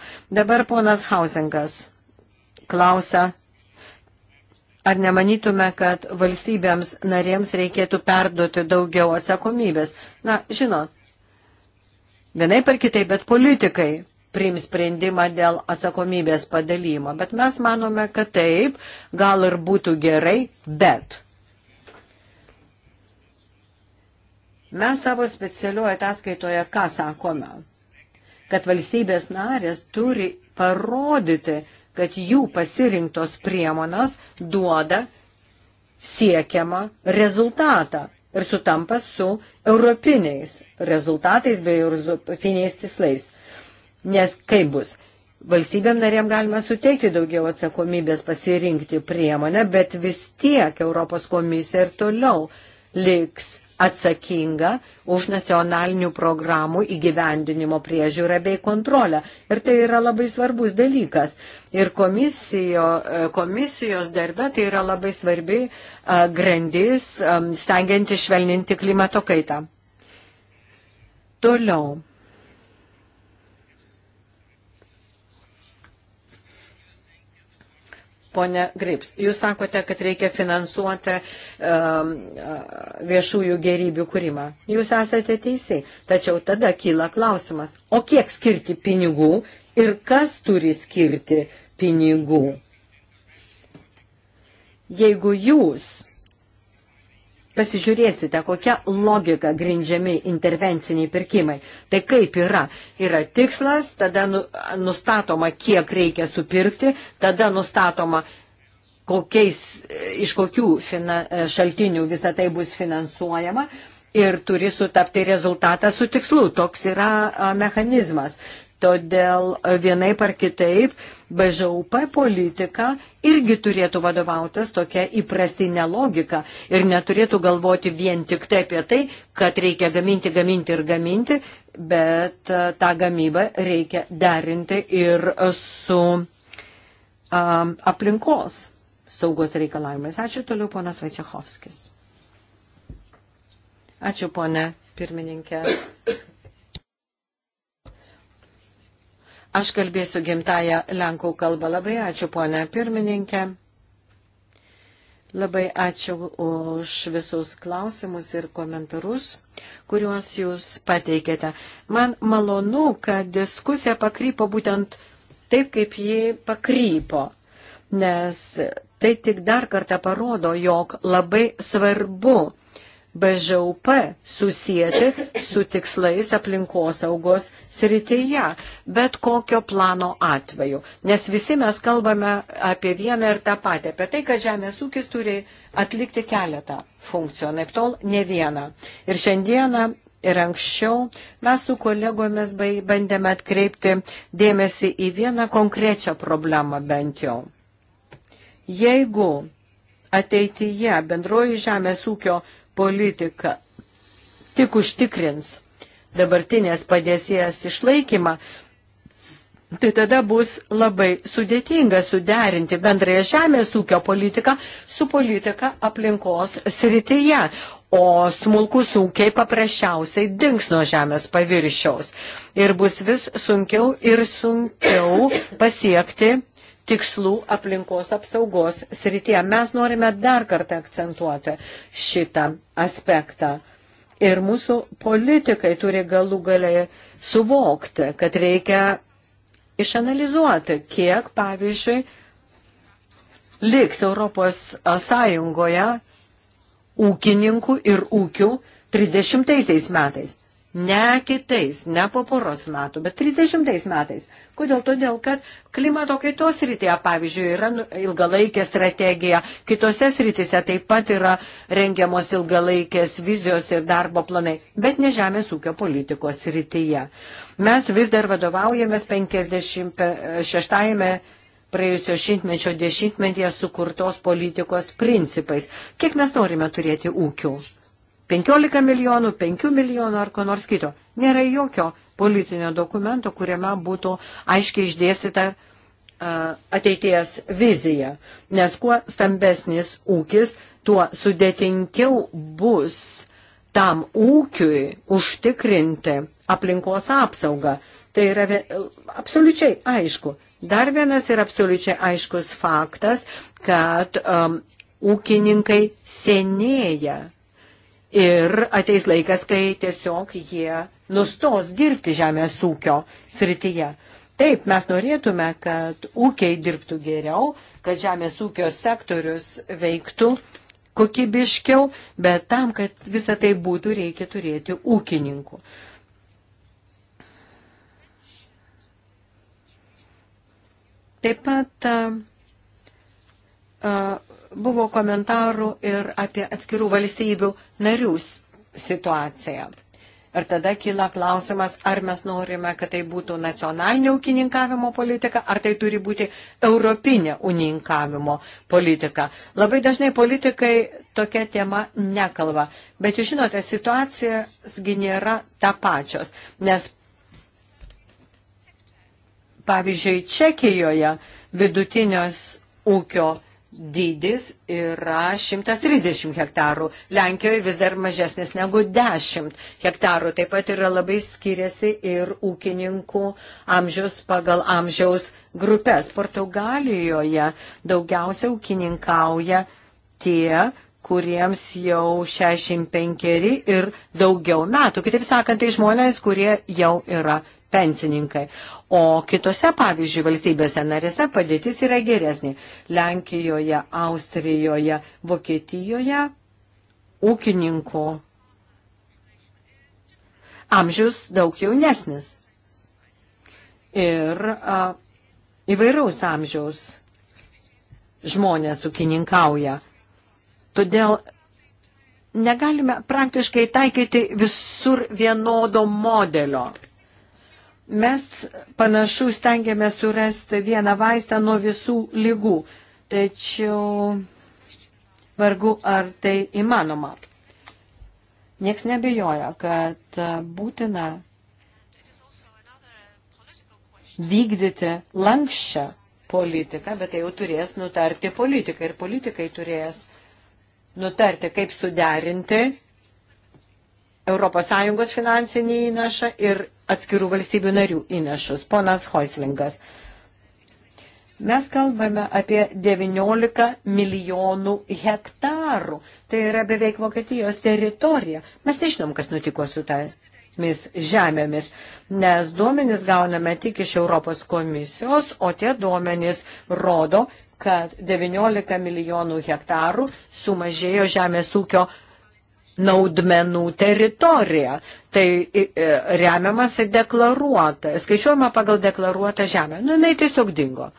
B: Dabar ponas Hausingas klausia Ar nemanytume, kad valstybėms narėms reikėtų perduoti daugiau atsakomybės? Na, žinot, vienai per kitai, bet politikai priims sprendimą dėl atsakomybės padalymo. Bet mes manome, kad taip, gal ir būtų gerai, bet. Mes savo specialioje ataskaitoje ką sakome? Kad valstybės narės turi parodyti, kad jų pasirinktos priemonas duoda siekiamą rezultatą ir sutampa su europiniais rezultatais bei europiniais tislais. Nes kaip bus? Valstybėm narėm galima suteikti daugiau atsakomybės pasirinkti priemonę, bet vis tiek Europos komisija ir toliau liks atsakinga už nacionalinių programų įgyvendinimo priežiūrą bei kontrolę. Ir tai yra labai svarbus dalykas. Ir komisijo, e, komisijos darbė tai yra labai svarbi e, grandis, e, stengianti švelninti klimato kaitą. Toliau. Pone Grips, jūs sakote, kad reikia finansuoti um, viešųjų gerybių kūrimą. Jūs esate teisai, tačiau tada kyla klausimas, o kiek skirti pinigų ir kas turi skirti pinigų? Jeigu jūs pasižiūrėsite, kokia logika grindžiami intervenciniai pirkimai. Tai kaip yra? Yra tikslas, tada nu, nustatoma, kiek reikia supirkti, tada nustatoma, kokiais, iš kokių fina, šaltinių visą tai bus finansuojama. Ir turi sutapti rezultatą su tikslu. Toks yra mechanizmas. Todėl e, vienai par kitaip BŽUP politika irgi turėtų vadovautas tokia įprastinė logika ir neturėtų galvoti vien tik tai apie tai, kad reikia gaminti, gaminti ir gaminti, bet e, tą gamybą reikia derinti ir su um, aplinkos saugos reikalavimais. Ačiū toliau, ponas Vaicechovskis. Ačiū, ponė pirmininkė. Aš kalbėsiu gimtają Lenkų kalbą. Labai ačiū, ponia pirmininkė. Labai ačiū už visus klausimus ir komentarus, kuriuos jūs pateikėte. Man malonu, kad diskusija pakrypo būtent taip, kaip ji pakrypo, nes tai tik dar kartą parodo, jog labai svarbu BŽUP susijęti su tikslais aplinkosaugos srityje, bet kokio plano atveju. Nes visi mes kalbame apie vieną ir tą patį, apie tai, kad žemės ūkis turi atlikti keletą funkcijų, naip tol ne vieną. Ir šiandieną ir anksčiau mes su kolegomis bandėme atkreipti dėmesį į vieną konkrečią problemą bent jau. Jeigu ateityje bendroji žemės ūkio politika tik užtikrins dabartinės padėsies išlaikymą, tai tada bus labai sudėtinga suderinti bendrąją žemės ūkio politiką su politika aplinkos srityje, o smulkus ūkiai paprasčiausiai dings nuo žemės paviršiaus ir bus vis sunkiau ir sunkiau pasiekti tikslų aplinkos apsaugos srityje. Mes norime dar kartą akcentuoti šitą aspektą. Ir mūsų politikai turi galų galiai suvokti, kad reikia išanalizuoti, kiek, pavyzdžiui, liks Europos Sąjungoje ūkininkų ir ūkių 30 metais. Ne kitais, ne po poros metų, bet 30 metais. Kodėl? Todėl, kad klimato kaitos rytėje, pavyzdžiui, yra nu, ilgalaikė strategija, kitose srityse taip pat yra rengiamos ilgalaikės vizijos ir darbo planai, bet ne žemės ūkio politikos rytyje. Mes vis dar vadovaujamės 56-ame praėjusio šimtmečio dešimtmetyje sukurtos politikos principais. Kiek mes norime turėti ūkių? 15 milijonų, 5 milijonų ar ko nors kito. Nėra jokio politinio dokumento, kuriame būtų aiškiai išdėstyta ateities vizija, nes kuo stambesnis ūkis, tuo sudėtingiau bus tam ūkiui užtikrinti aplinkos apsaugą. Tai yra absoliučiai aišku. Dar vienas ir absoliučiai aiškus faktas, kad um, ūkininkai senėja ir ateis laikas, kai tiesiog jie nustos dirbti žemės ūkio srityje. Taip, mes norėtume, kad ūkiai dirbtų geriau, kad žemės ūkio sektorius veiktų kokybiškiau, bet tam, kad visa tai būtų, reikia turėti ūkininkų. Taip pat a, a, buvo komentarų ir apie atskirų valstybių narių situaciją. Ir tada kyla klausimas, ar mes norime, kad tai būtų nacionalinė ūkininkavimo politika, ar tai turi būti europinė ūkininkavimo politika. Labai dažnai politikai tokia tema nekalba. Bet jūs žinote, situacijas nėra ta pačios. Nes, pavyzdžiui, Čekijoje vidutinios ūkio dydis yra 130 hektarų, Lenkijoje vis dar mažesnis negu 10 hektarų. Taip pat yra labai skiriasi ir ūkininkų amžius pagal amžiaus grupės. Portugalijoje daugiausia ūkininkauja tie, kuriems jau 65 ir daugiau metų. Kitaip sakant, tai žmonės, kurie jau yra pensininkai. O kitose, pavyzdžiui, valstybėse narėse padėtis yra geresnė. Lenkijoje, Austrijoje, Vokietijoje ūkininko amžius daug jaunesnis. Ir a, įvairaus amžiaus žmonės ūkininkauja. Todėl negalime praktiškai taikyti visur vienodo modelio. Mes panašu stengiamės surasti vieną vaistą nuo visų lygų, tačiau vargu ar tai įmanoma. Niekas nebejoja, kad būtina vykdyti lankščią politiką, bet tai jau turės nutarti politikai ir politikai turės nutarti, kaip suderinti ES finansinį įnašą ir atskirų valstybių narių įnešus. Ponas Hoislingas. Mes kalbame apie 19 milijonų hektarų. Tai yra beveik Vokietijos teritorija. Mes nežinom, kas nutiko su tomis žemėmis, nes duomenys gauname tik iš Europos komisijos, o tie duomenys rodo, kad 19 milijonų hektarų sumažėjo žemės ūkio naudmenų teritoriją. Tai e, remiamas ir deklaruota, skaičiuojama pagal deklaruotą žemę. Nu, jinai tiesiog dingo.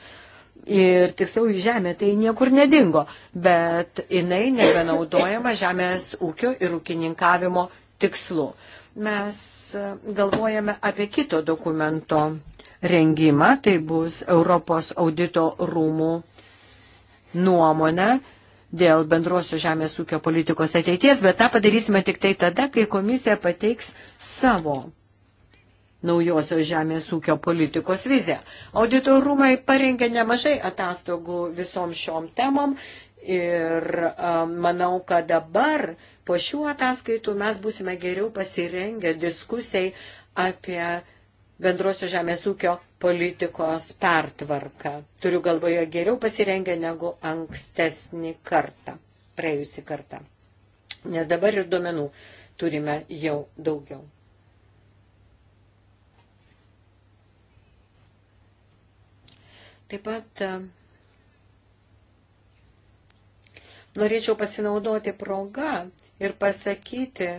B: Ir tiksliau į žemę tai niekur nedingo, bet jinai nebenaudojama žemės ūkio ir ūkininkavimo tikslu. Mes e, galvojame apie kito dokumento rengimą, tai bus Europos audito rūmų nuomonė dėl bendrosios žemės ūkio politikos ateities, bet tą padarysime tik tai tada, kai komisija pateiks savo naujosios žemės ūkio politikos vizę. Auditorumai parengė nemažai atostogų visom šiom temom ir manau, kad dabar po šių ataskaitų mes būsime geriau pasirengę diskusijai apie bendrosios žemės ūkio politikos pertvarką. Turiu galvoje geriau pasirengę negu ankstesnį kartą, praėjusį kartą. Nes dabar ir duomenų turime jau daugiau. Taip pat e, norėčiau pasinaudoti progą ir pasakyti,